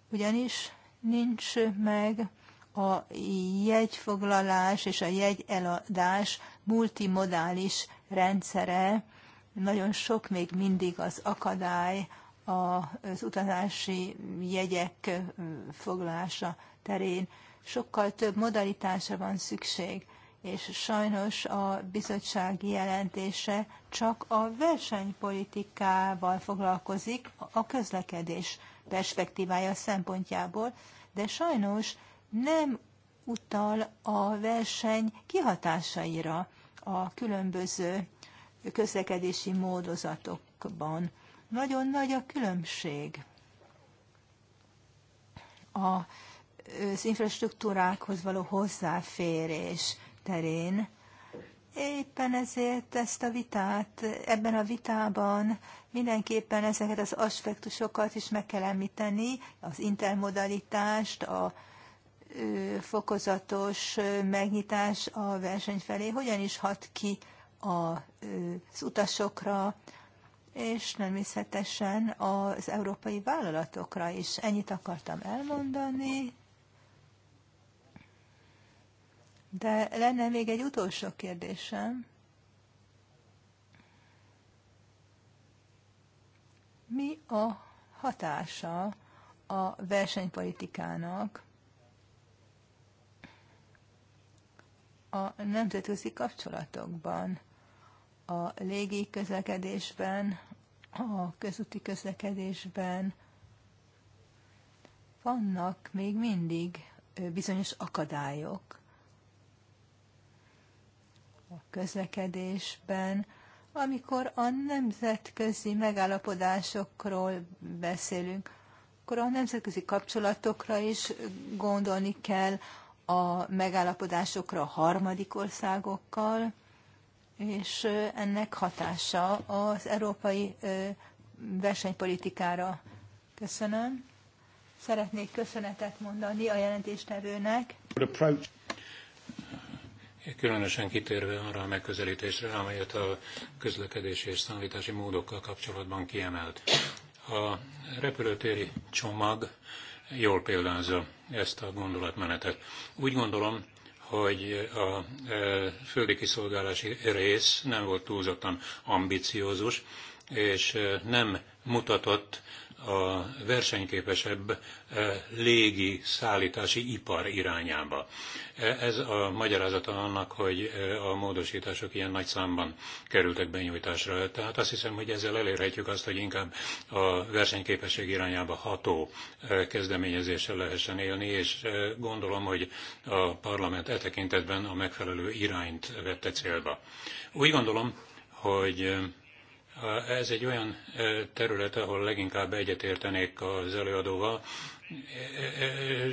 ugyanis nincs meg a jegyfoglalás és a jegyeladás multimodális rendszere nagyon sok még mindig az akadály az utazási jegyek foglalása terén. Sokkal több modalitásra van szükség, és sajnos a bizottsági jelentése csak a versenypolitikával foglalkozik a közlekedés perspektívája szempontjából, de sajnos nem utal a verseny kihatásaira a különböző közlekedési módozatokban. Nagyon nagy a különbség a, az infrastruktúrákhoz való hozzáférés terén. Éppen ezért ezt a vitát, ebben a vitában mindenképpen ezeket az aspektusokat is meg kell említeni, az intermodalitást, a fokozatos megnyitás a verseny felé hogyan is hat ki az utasokra, és természetesen az európai vállalatokra is. Ennyit akartam elmondani. De lenne még egy utolsó kérdésem. Mi a hatása a versenypolitikának a nemzetközi kapcsolatokban? a légi közlekedésben, a közúti közlekedésben vannak még mindig bizonyos akadályok. A közlekedésben, amikor a nemzetközi megállapodásokról beszélünk, akkor a nemzetközi kapcsolatokra is gondolni kell, a megállapodásokra a harmadik országokkal, és ennek hatása az európai versenypolitikára. Köszönöm. Szeretnék köszönetet mondani a jelentéstevőnek. Különösen kitérve arra a megközelítésre, amelyet a közlekedési és szállítási módokkal kapcsolatban kiemelt. A repülőtéri csomag jól példázza ezt a gondolatmenetet. Úgy gondolom, hogy a e, földi kiszolgálási rész nem volt túlzottan ambiciózus, és e, nem mutatott a versenyképesebb e, légi szállítási ipar irányába. E, ez a magyarázata annak, hogy e, a módosítások ilyen nagy számban kerültek benyújtásra. Tehát azt hiszem, hogy ezzel elérhetjük azt, hogy inkább a versenyképesség irányába ható kezdeményezéssel lehessen élni, és gondolom, hogy a parlament e tekintetben a megfelelő irányt vette célba. Úgy gondolom, hogy ez egy olyan terület, ahol leginkább egyetértenék az előadóval.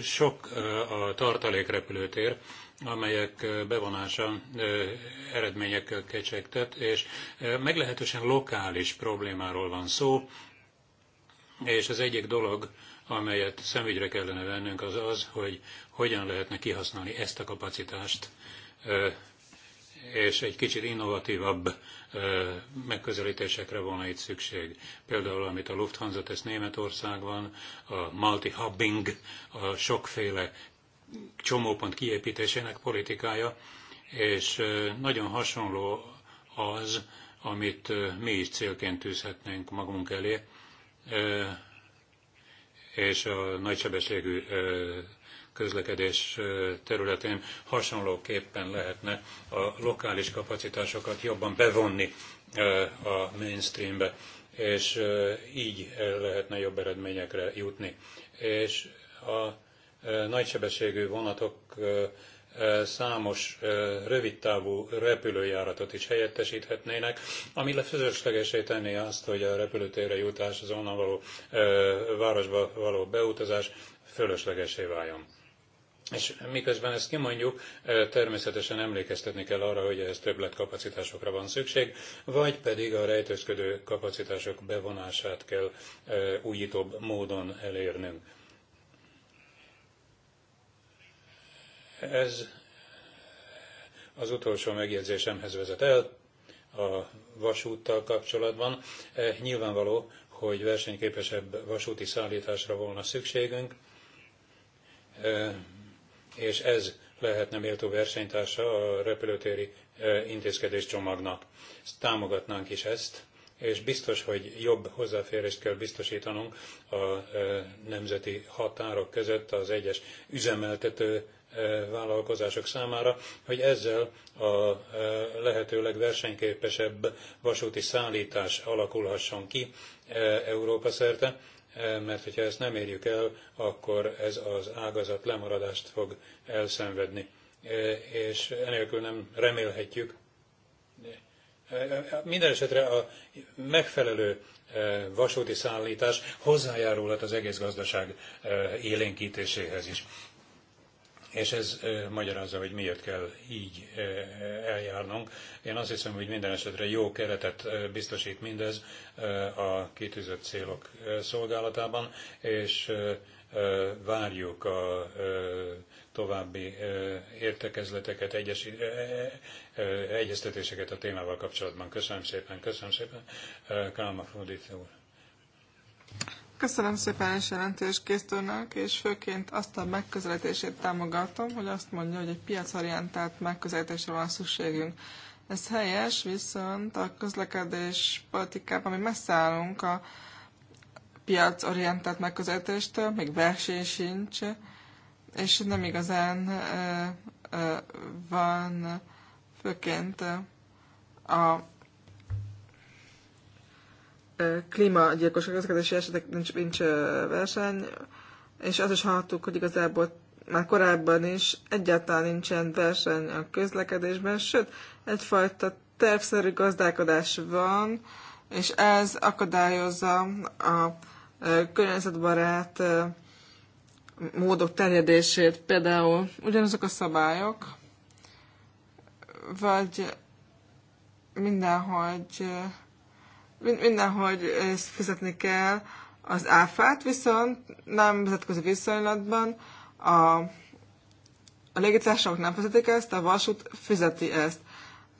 Sok a tartalékrepülőtér, amelyek bevonása eredményekkel kecsegtet, és meglehetősen lokális problémáról van szó, és az egyik dolog, amelyet szemügyre kellene vennünk, az az, hogy hogyan lehetne kihasználni ezt a kapacitást, és egy kicsit innovatívabb megközelítésekre volna itt szükség. Például, amit a Lufthansa tesz Németországban, a multi-hubbing, a sokféle csomópont kiépítésének politikája, és nagyon hasonló az, amit mi is célként tűzhetnénk magunk elé, és a nagysebességű közlekedés területén hasonlóképpen lehetne a lokális kapacitásokat jobban bevonni a mainstreambe, és így lehetne jobb eredményekre jutni. És a nagysebességű vonatok számos rövidtávú repülőjáratot is helyettesíthetnének, ami lefőzőslegesé tenné azt, hogy a repülőtérre jutás, az onnan való városba való beutazás fölöslegesé váljon. És miközben ezt kimondjuk, természetesen emlékeztetni kell arra, hogy ehhez többletkapacitásokra van szükség, vagy pedig a rejtőzködő kapacitások bevonását kell újítóbb módon elérnünk. Ez az utolsó megjegyzésemhez vezet el a vasúttal kapcsolatban. E, nyilvánvaló, hogy versenyképesebb vasúti szállításra volna szükségünk e, és ez lehetne méltó versenytársa a repülőtéri e, intézkedés csomagnak. Támogatnánk is ezt, és biztos, hogy jobb hozzáférést kell biztosítanunk a e, nemzeti határok között az egyes üzemeltető e, vállalkozások számára, hogy ezzel a lehetőleg versenyképesebb vasúti szállítás alakulhasson ki Európa szerte, Eh, mert hogyha ezt nem érjük el, akkor ez az ágazat lemaradást fog elszenvedni. Eh, és enélkül nem remélhetjük. Eh, minden esetre a megfelelő vasúti szállítás hozzájárulhat az egész gazdaság élénkítéséhez is. És ez magyarázza, hogy miért kell így eljárnunk. Én azt hiszem, hogy minden esetre jó keretet biztosít mindez a kitűzött célok szolgálatában, és várjuk a további értekezleteket, egyes, egyeztetéseket a témával kapcsolatban. Köszönöm szépen, köszönöm szépen. Kálma Fódítő úr. Köszönöm szépen is jelentős készülnök, és főként azt a megközelítését támogatom, hogy azt mondja, hogy egy piacorientált megközelítésre van szükségünk. Ez helyes, viszont a közlekedés politikában mi messze állunk a piacorientált megközelítéstől, még verseny sincs, és nem igazán van főként a klímagyilkos közlekedési esetek nincs, nincs verseny, és azt is hallottuk, hogy igazából már korábban is egyáltalán nincsen verseny a közlekedésben, sőt, egyfajta tervszerű gazdálkodás van, és ez akadályozza a környezetbarát módok terjedését, például ugyanazok a szabályok, vagy mindenhogy mindenhogy fizetni kell az áfát, viszont nem vezetközi viszonylatban a, a légitársaságok nem fizetik ezt, a vasút fizeti ezt.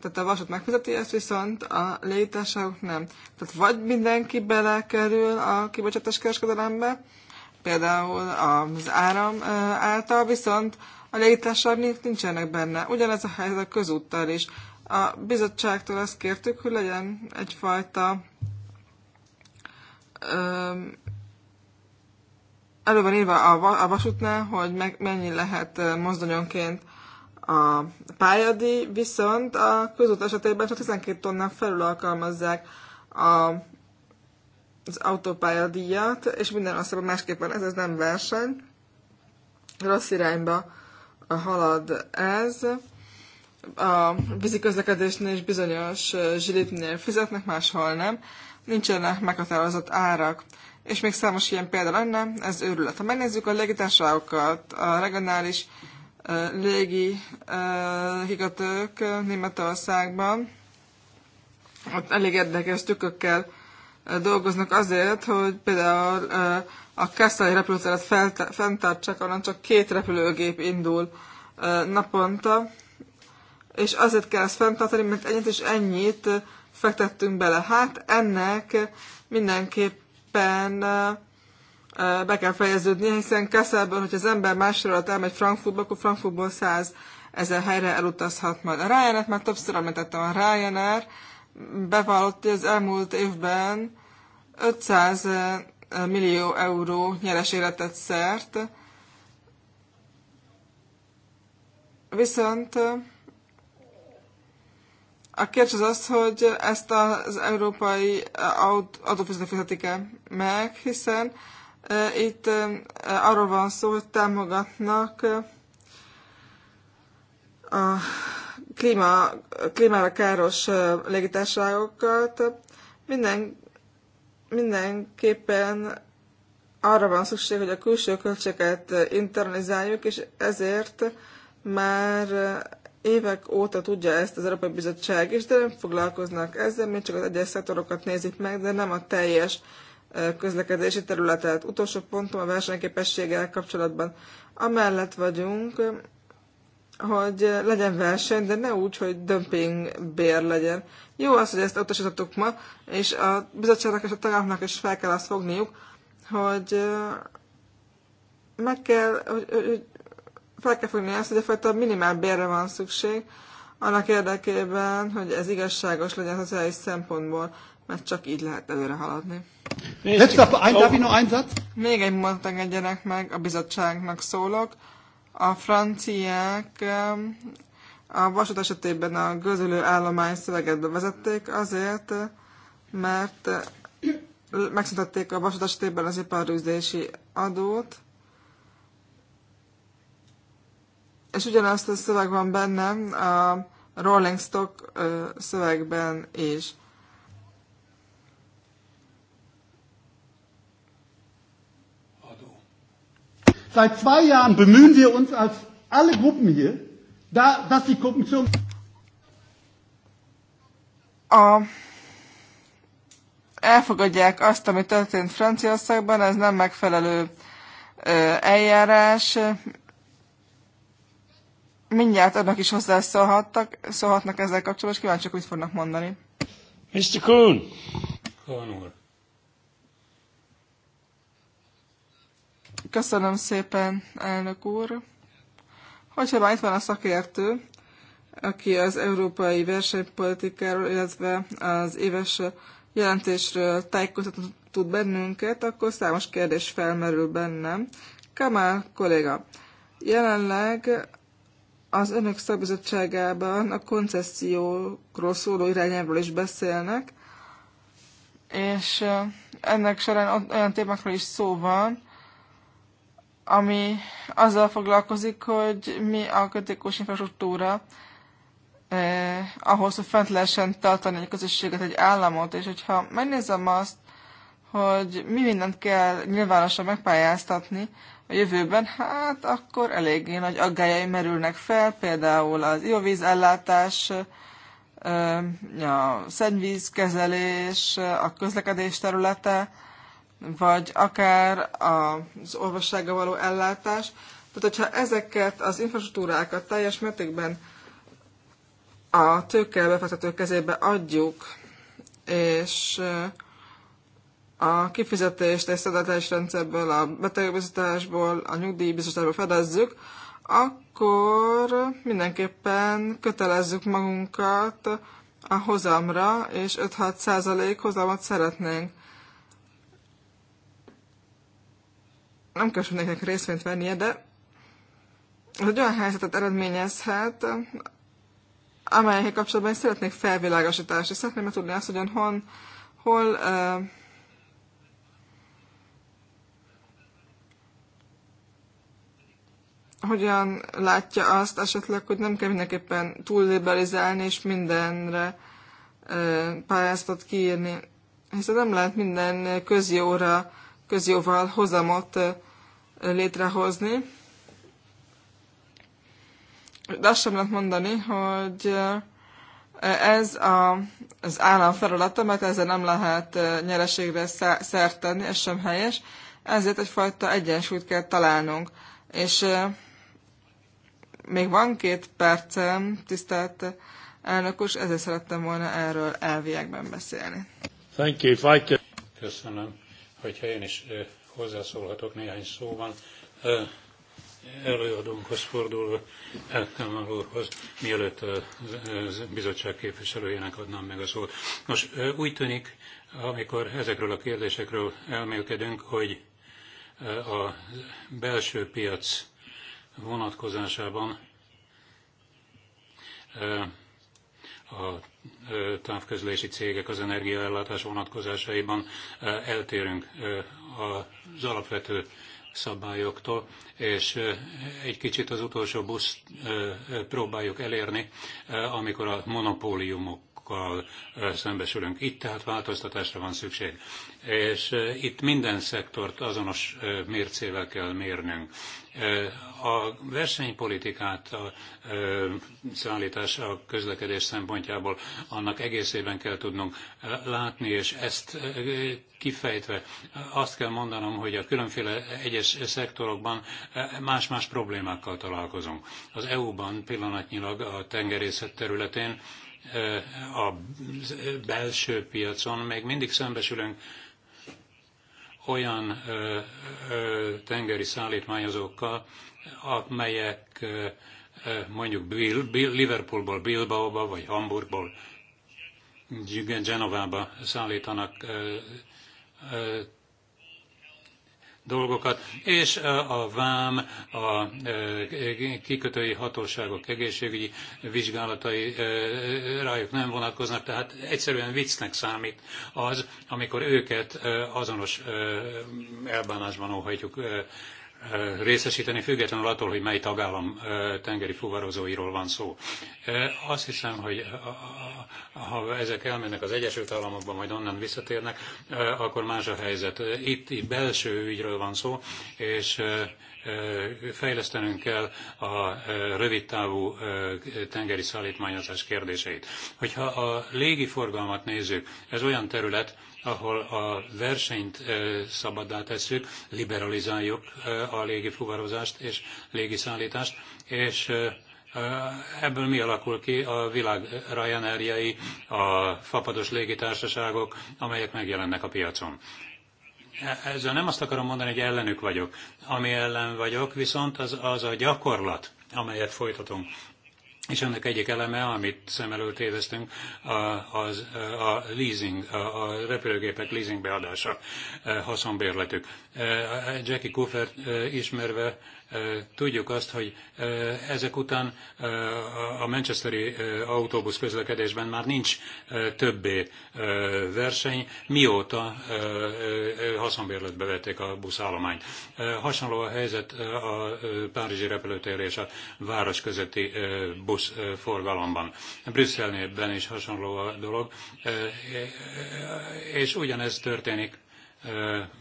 Tehát a vasút megfizeti ezt, viszont a légitársaságok nem. Tehát vagy mindenki belekerül a kibocsátás kereskedelembe, például az áram által, viszont a légitársaságok nincsenek benne. Ugyanez a helyzet a közúttal is. A bizottságtól azt kértük, hogy legyen egyfajta elő van írva a, vasútnál, hogy meg, mennyi lehet mozdonyonként a pályadi, viszont a közút esetében csak 12 tonnán felül alkalmazzák a, az autópályadíjat, és minden országban másképpen ez, ez nem verseny. Rossz irányba halad ez a vízi közlekedésnél is bizonyos zsilipnél fizetnek, máshol nem. Nincsenek meghatározott árak. És még számos ilyen példa lenne, ez őrület. Ha megnézzük a légitársaságokat, a regionális légi higatők Németországban, ott elég érdekes tükökkel dolgoznak azért, hogy például a Kesszai repülőteret fenntartsák, onnan csak két repülőgép indul naponta, és azért kell ezt fenntartani, mert ennyit és ennyit fektettünk bele. Hát ennek mindenképpen be kell fejeződni, hiszen Kesselből, hogy az ember másról elmegy Frankfurtba, akkor Frankfurtból 100 ezer helyre elutazhat majd. A ryanair már többször említettem, a Ryanair bevallott, hogy az elmúlt évben 500 millió euró nyeres életet szert, viszont a kérdés az az, hogy ezt az európai adófizetők fizetik -e meg, hiszen itt arról van szó, hogy támogatnak a klíma, klímára káros légitársaságokat. Minden, mindenképpen arra van szükség, hogy a külső költséget internalizáljuk, és ezért már Évek óta tudja ezt az Európai Bizottság is, de nem foglalkoznak ezzel, mint csak az egyes szektorokat nézik meg, de nem a teljes közlekedési területet. Utolsó pontom a versenyképességgel kapcsolatban. Amellett vagyunk, hogy legyen verseny, de ne úgy, hogy dömping bér legyen. Jó az, hogy ezt utasítottuk ma, és a bizottságnak és a tagállamnak is fel kell azt fogniuk, hogy meg kell, hogy, hogy fel kell fogni azt, hogy egyfajta minimál bérre van szükség, annak érdekében, hogy ez igazságos legyen az helyi szempontból, mert csak így lehet előre haladni. Még egy mondat engedjenek meg, a bizottságnak szólok. A franciák um, a vasút esetében a gözülő állomány szöveget bevezették azért, mert megszüntették a vasút esetében az iparűzési adót, és ugyanazt a szöveg van bennem a Rolling Stock szövegben is. Seit zwei Jahren bemühen wir uns als alle Gruppen hier, da, dass die Kommission. A elfogadják azt, ami történt Franciaországban, ez nem megfelelő eljárás mindjárt annak is szólhattak, szólhatnak ezzel kapcsolatban, és kíváncsiak, mit fognak mondani. Mr. Kuhn! Kuhn úr. Köszönöm szépen, elnök úr. Hogyha már itt van a szakértő, aki az európai versenypolitikáról, illetve az éves jelentésről tájékoztatni tud bennünket, akkor számos kérdés felmerül bennem. Kamal kolléga, jelenleg az önök szabizottságában a koncesziókról szóló irányáról is beszélnek, és ennek során olyan témákról is szó van, ami azzal foglalkozik, hogy mi a kritikus infrastruktúra eh, ahhoz, hogy fent lehessen tartani egy közösséget, egy államot, és hogyha megnézem azt, hogy mi mindent kell nyilvánosan megpályáztatni, a jövőben, hát akkor eléggé nagy aggályai merülnek fel, például az ivóvízellátás, a szennyvízkezelés, a közlekedés területe, vagy akár az olvassággal való ellátás. Tehát, hogyha ezeket az infrastruktúrákat teljes mértékben a tőkebefektető kezébe adjuk, és a kifizetést és szedetelés rendszerből, a betegbiztosításból, a nyugdíjbiztosításból fedezzük, akkor mindenképpen kötelezzük magunkat a hozamra, és 5-6 százalék hozamat szeretnénk. Nem kell nekik részvényt vennie, de ez egy olyan helyzetet eredményezhet, amelyek kapcsolatban én szeretnék felvilágosítást, és szeretném tudni azt, hogy hon, hol uh, hogyan látja azt esetleg, hogy nem kell mindenképpen túl és mindenre pályázatot kiírni, hiszen nem lehet minden közjóra, közjóval hozamot létrehozni. De azt sem lehet mondani, hogy ez a, az állam feladata, mert ezzel nem lehet nyereségre szert tenni, ez sem helyes, ezért egyfajta egyensúlyt kell találnunk. És még van két percem, tisztelt elnök úr, ezért szerettem volna erről elviekben beszélni. Thank you, if I can... Köszönöm, hogyha én is hozzászólhatok néhány szóban. Előadónkhoz fordulva, Elkamal úrhoz, mielőtt a bizottság képviselőjének adnám meg a szót. Nos, úgy tűnik, amikor ezekről a kérdésekről elmélkedünk, hogy a belső piac vonatkozásában a távközlési cégek az energiaellátás vonatkozásaiban eltérünk az alapvető szabályoktól, és egy kicsit az utolsó buszt próbáljuk elérni, amikor a monopóliumokkal szembesülünk. Itt tehát változtatásra van szükség és itt minden szektort azonos mércével kell mérnünk. A versenypolitikát a szállítás a közlekedés szempontjából annak egészében kell tudnunk látni, és ezt kifejtve azt kell mondanom, hogy a különféle egyes szektorokban más-más problémákkal találkozunk. Az EU-ban pillanatnyilag a tengerészet területén a belső piacon még mindig szembesülünk olyan ö, ö, tengeri szállítmányozókkal, amelyek ö, mondjuk Bill, Bill, Liverpoolból Bilbaoba vagy Hamburgból Genovába szállítanak dolgokat, és a vám, a kikötői hatóságok egészségügyi vizsgálatai rájuk nem vonatkoznak, tehát egyszerűen viccnek számít az, amikor őket azonos elbánásban óhajtjuk részesíteni, függetlenül attól, hogy mely tagállam tengeri fuvarozóiról van szó. Azt hiszem, hogy ha ezek elmennek az Egyesült Államokba, majd onnan visszatérnek, akkor más a helyzet. Itt belső ügyről van szó, és fejlesztenünk kell a rövidtávú tengeri szállítmányozás kérdéseit. Hogyha a légiforgalmat nézzük, ez olyan terület, ahol a versenyt szabaddá tesszük, liberalizáljuk a légifugarozást és légiszállítást, és Ebből mi alakul ki? A világ Ryanairjei, a fapados légitársaságok, amelyek megjelennek a piacon. Ezzel nem azt akarom mondani, hogy ellenük vagyok. Ami ellen vagyok, viszont az, az a gyakorlat, amelyet folytatunk és ennek egyik eleme, amit szem előtt éveztünk, a, az, a leasing, a, a repülőgépek leasing beadása, haszonbérletük. E, Jackie Kuffert e, ismerve Tudjuk azt, hogy ezek után a Manchesteri autóbusz közlekedésben már nincs többé verseny, mióta haszonbérletbe vették a buszállományt. Hasonló a helyzet a Párizsi repülőtér és a város közötti buszforgalomban. Brüsszelnében is hasonló a dolog, és ugyanez történik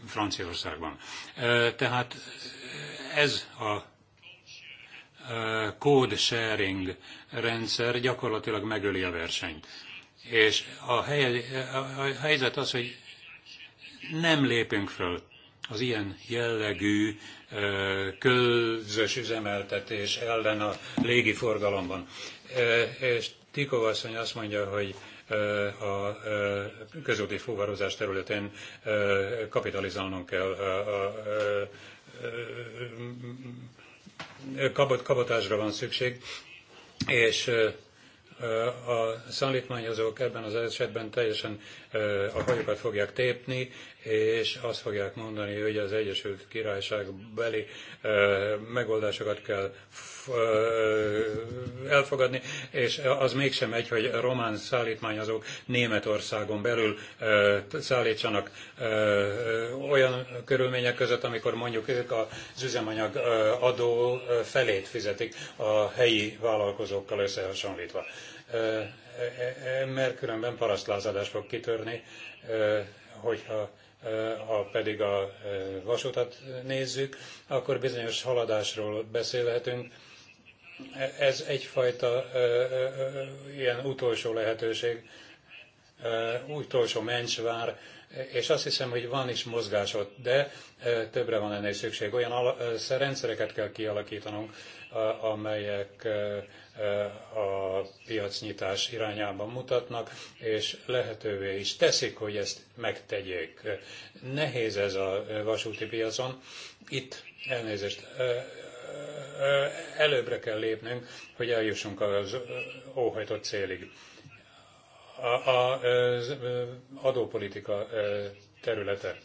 Franciaországban. Tehát ez a eh, code sharing rendszer gyakorlatilag megöli a versenyt. És a, hely, a helyzet az, hogy nem lépünk föl az ilyen jellegű eh, közös üzemeltetés ellen a légiforgalomban. Eh, és Tikov asszony azt mondja, hogy a közúti fuvarozás területén kapitalizálnunk kell a kabot, kabotásra van szükség, és a szállítmányozók ebben az esetben teljesen a hajókat fogják tépni, és azt fogják mondani, hogy az Egyesült Királyság beli megoldásokat kell elfogadni, és az mégsem egy, hogy román szállítmányozók Németországon belül szállítsanak olyan körülmények között, amikor mondjuk ők az üzemanyag adó felét fizetik a helyi vállalkozókkal összehasonlítva. E, e, e, mert különben parasztlázadás fog kitörni, hogyha ha pedig a vasutat nézzük, akkor bizonyos haladásról beszélhetünk, ez egyfajta ilyen utolsó lehetőség, utolsó mencsvár, és azt hiszem, hogy van is mozgás ott, de többre van ennél szükség. Olyan rendszereket kell kialakítanunk, amelyek a piacnyitás irányában mutatnak, és lehetővé is teszik, hogy ezt megtegyék. Nehéz ez a vasúti piacon. Itt elnézést, előbbre kell lépnünk, hogy eljussunk az óhajtott célig. A, az adópolitika területe.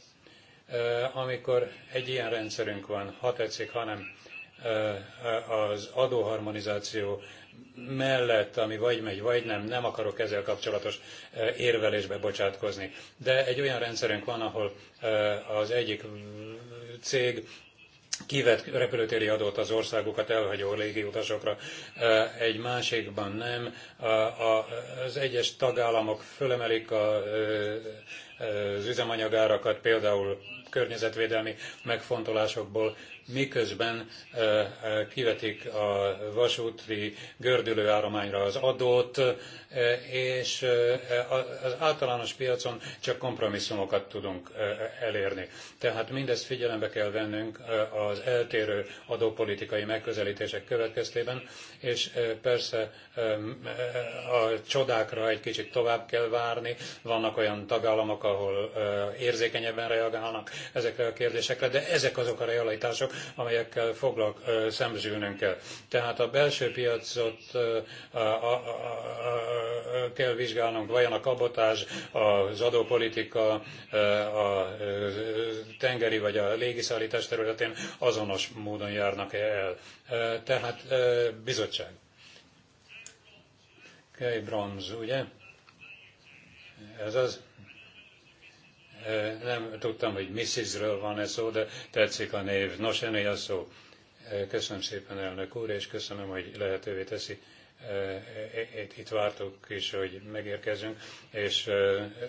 Amikor egy ilyen rendszerünk van, ha tetszik, ha nem, az adóharmonizáció mellett, ami vagy megy, vagy nem, nem akarok ezzel kapcsolatos érvelésbe bocsátkozni. De egy olyan rendszerünk van, ahol az egyik cég kivett repülőtéri adót az országokat elhagyó légiutasokra, egy másikban nem. Az egyes tagállamok fölemelik az üzemanyagárakat, például környezetvédelmi megfontolásokból miközben kivetik a vasúti gördülőállományra az adót, és az általános piacon csak kompromisszumokat tudunk elérni. Tehát mindezt figyelembe kell vennünk az eltérő adópolitikai megközelítések következtében, és persze a csodákra egy kicsit tovább kell várni. Vannak olyan tagállamok, ahol érzékenyebben reagálnak ezekre a kérdésekre, de ezek azok a realitások, amelyekkel foglak, szembesülnünk kell. Tehát a belső piacot a, a, a, kell vizsgálnunk, vajon a kabotás, az adópolitika, a tengeri vagy a légiszállítás területén azonos módon járnak -e el. Tehát bizottság. Kej bronz, ugye? Ez az nem tudtam, hogy Mrs.-ről van ez szó, de tetszik a név. Nos, ennél a szó. Köszönöm szépen, elnök úr, és köszönöm, hogy lehetővé teszi. Itt vártuk is, hogy megérkezünk, és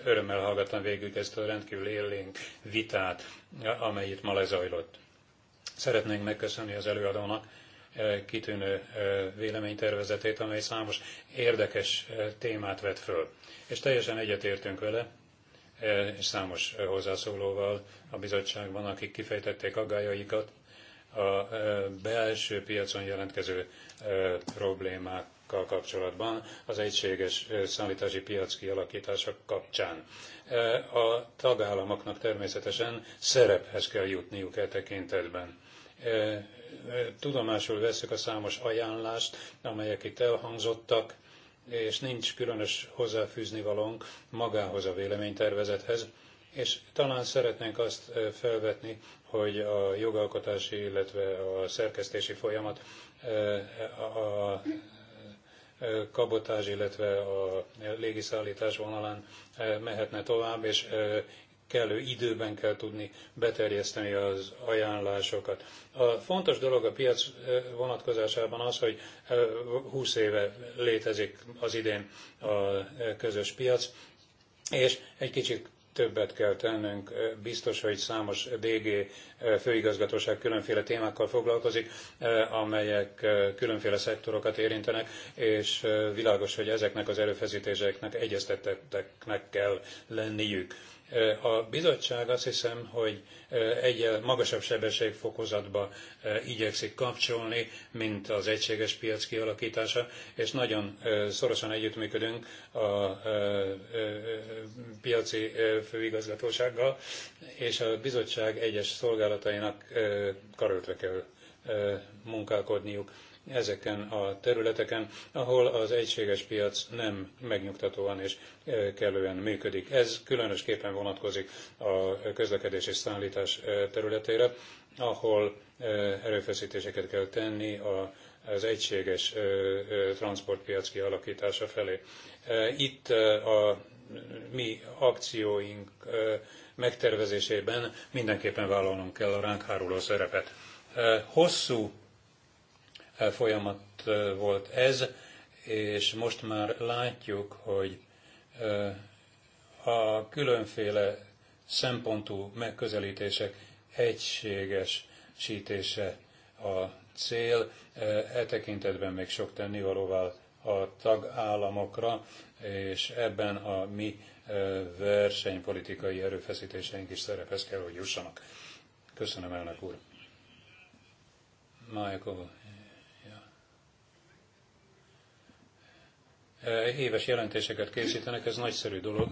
örömmel hallgattam végül ezt a rendkívül élénk vitát, amely itt ma lezajlott. Szeretnénk megköszönni az előadónak kitűnő véleménytervezetét, amely számos érdekes témát vet föl. És teljesen egyetértünk vele, Eh, és számos eh, hozzászólóval a bizottságban, akik kifejtették aggájaikat a eh, belső piacon jelentkező problémákkal kapcsolatban az egységes szállítási piac kialakítása kapcsán. A tagállamoknak természetesen szerephez kell jutniuk e tekintetben tudomásul veszük a számos ajánlást, amelyek itt elhangzottak, és nincs különös hozzáfűzni valónk magához a véleménytervezethez, és talán szeretnénk azt felvetni, hogy a jogalkotási, illetve a szerkesztési folyamat a kabotás, illetve a légiszállítás vonalán mehetne tovább, és kellő időben kell tudni beterjeszteni az ajánlásokat. A fontos dolog a piac vonatkozásában az, hogy 20 éve létezik az idén a közös piac, és egy kicsit többet kell tennünk. Biztos, hogy számos DG főigazgatóság különféle témákkal foglalkozik, amelyek különféle szektorokat érintenek, és világos, hogy ezeknek az erőfeszítéseknek egyeztetteknek kell lenniük. A bizottság azt hiszem, hogy egy magasabb sebességfokozatba igyekszik kapcsolni, mint az egységes piac kialakítása, és nagyon szorosan együttműködünk a piaci főigazgatósággal, és a bizottság egyes szolgálatainak karöltve kell munkálkodniuk ezeken a területeken, ahol az egységes piac nem megnyugtatóan és kellően működik. Ez különösképpen vonatkozik a közlekedés és szállítás területére, ahol erőfeszítéseket kell tenni a az egységes transportpiac kialakítása felé. Itt a mi akcióink megtervezésében mindenképpen vállalnunk kell a ránk háruló szerepet. Hosszú folyamat volt ez, és most már látjuk, hogy a különféle szempontú megközelítések egységesítése a cél. E tekintetben még sok tennivalóval a tagállamokra, és ebben a mi versenypolitikai erőfeszítéseink is szerephez kell, hogy jussanak. Köszönöm, elnök úr. Michael éves e, jelentéseket készítenek, ez nagyszerű dolog,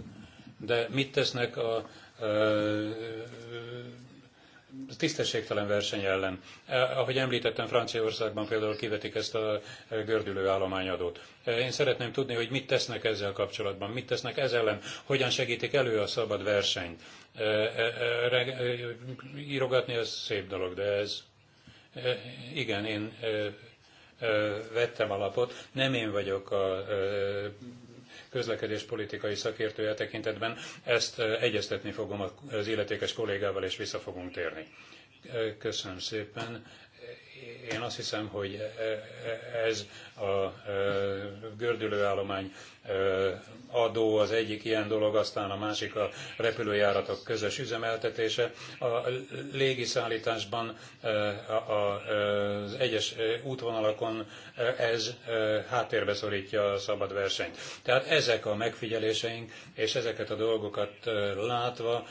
de mit tesznek a e, e, tisztességtelen verseny ellen. Ahogy említettem, Franciaországban például kivetik ezt a gördülő állományadót. Én szeretném tudni, hogy mit tesznek ezzel kapcsolatban, mit tesznek ez ellen, hogyan segítik elő a szabad versenyt. Írogatni az szép dolog, de ez igen, én vettem alapot. Nem én vagyok a közlekedéspolitikai szakértője tekintetben, ezt egyeztetni fogom az illetékes kollégával, és vissza fogunk térni. Köszönöm szépen. Én azt hiszem, hogy e- e- ez a gördülő állomány adó az egyik ilyen dolog, aztán a másik a repülőjáratok közös üzemeltetése. A légiszállításban az egyes útvonalakon ez háttérbe szorítja a szabad versenyt. Tehát ezek a megfigyeléseink, és ezeket a dolgokat látva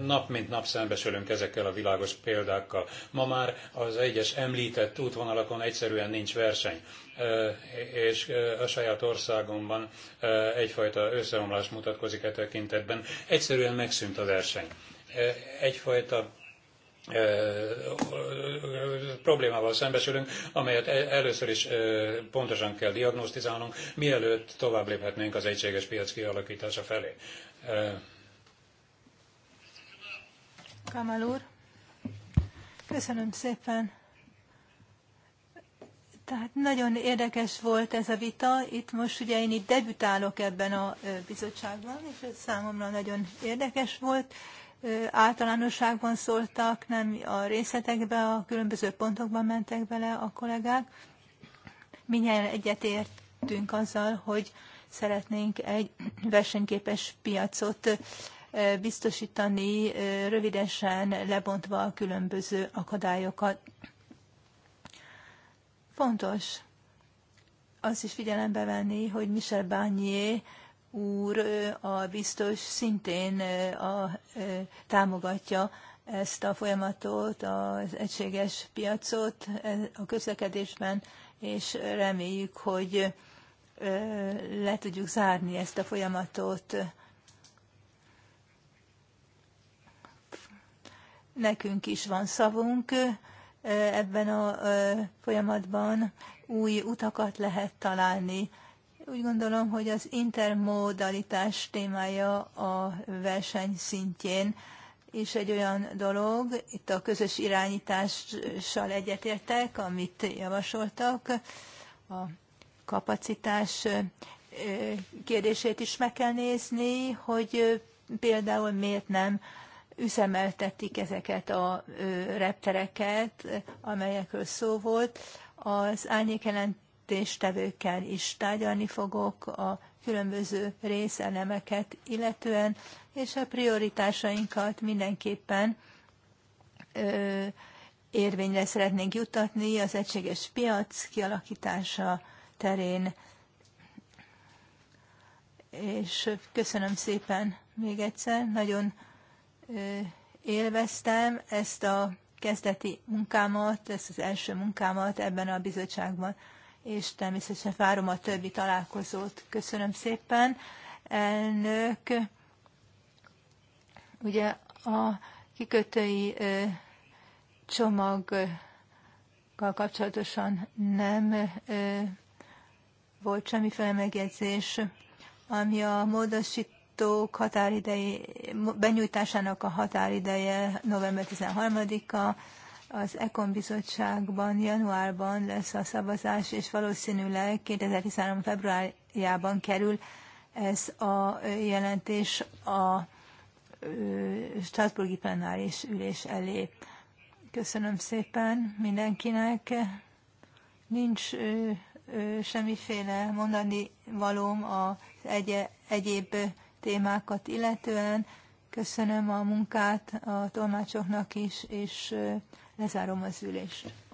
nap mint nap szembesülünk ezekkel a világos példákkal. Ma már az egyes említett útvonalakon egyszerűen nincs verseny és a saját országomban egyfajta összeomlás mutatkozik e tekintetben. Egyszerűen megszűnt a verseny. Egyfajta problémával szembesülünk, amelyet e, először is pontosan kell diagnosztizálnunk, mielőtt tovább léphetnénk az egységes piac kialakítása felé. Kamal úr, köszönöm szépen. Tehát nagyon érdekes volt ez a vita. Itt most ugye én itt debütálok ebben a bizottságban, és ez számomra nagyon érdekes volt. Általánosságban szóltak, nem a részletekbe, a különböző pontokban mentek bele a kollégák. Minél egyetértünk azzal, hogy szeretnénk egy versenyképes piacot biztosítani, rövidesen lebontva a különböző akadályokat. Fontos az is figyelembe venni, hogy Michel Barnier úr, a biztos szintén a, támogatja ezt a folyamatot, az egységes piacot e, a közlekedésben, és reméljük, hogy le tudjuk zárni ezt a folyamatot. Nekünk is van szavunk, ebben a folyamatban új utakat lehet találni. Úgy gondolom, hogy az intermodalitás témája a verseny szintjén is egy olyan dolog, itt a közös irányítással egyetértek, amit javasoltak, a kapacitás kérdését is meg kell nézni, hogy például miért nem üzemeltetik ezeket a reptereket, amelyekről szó volt. Az árnyékjelentéstevőkkel is tárgyalni fogok a különböző részelemeket illetően, és a prioritásainkat mindenképpen ö, érvényre szeretnénk jutatni az egységes piac kialakítása terén. És köszönöm szépen még egyszer, nagyon élveztem ezt a kezdeti munkámat, ezt az első munkámat ebben a bizottságban, és természetesen várom a többi találkozót. Köszönöm szépen, elnök. Ugye a kikötői csomaggal kapcsolatosan nem volt semmiféle megjegyzés, ami a módosítás adatok határidei, benyújtásának a határideje november 13-a, az Ekon bizottságban januárban lesz a szavazás, és valószínűleg 2013. februárjában kerül ez a jelentés a Strasburgi plenáris ülés elé. Köszönöm szépen mindenkinek. Nincs semmiféle mondani valóm az egy- egyéb témákat illetően. Köszönöm a munkát a tolmácsoknak is, és lezárom az ülést.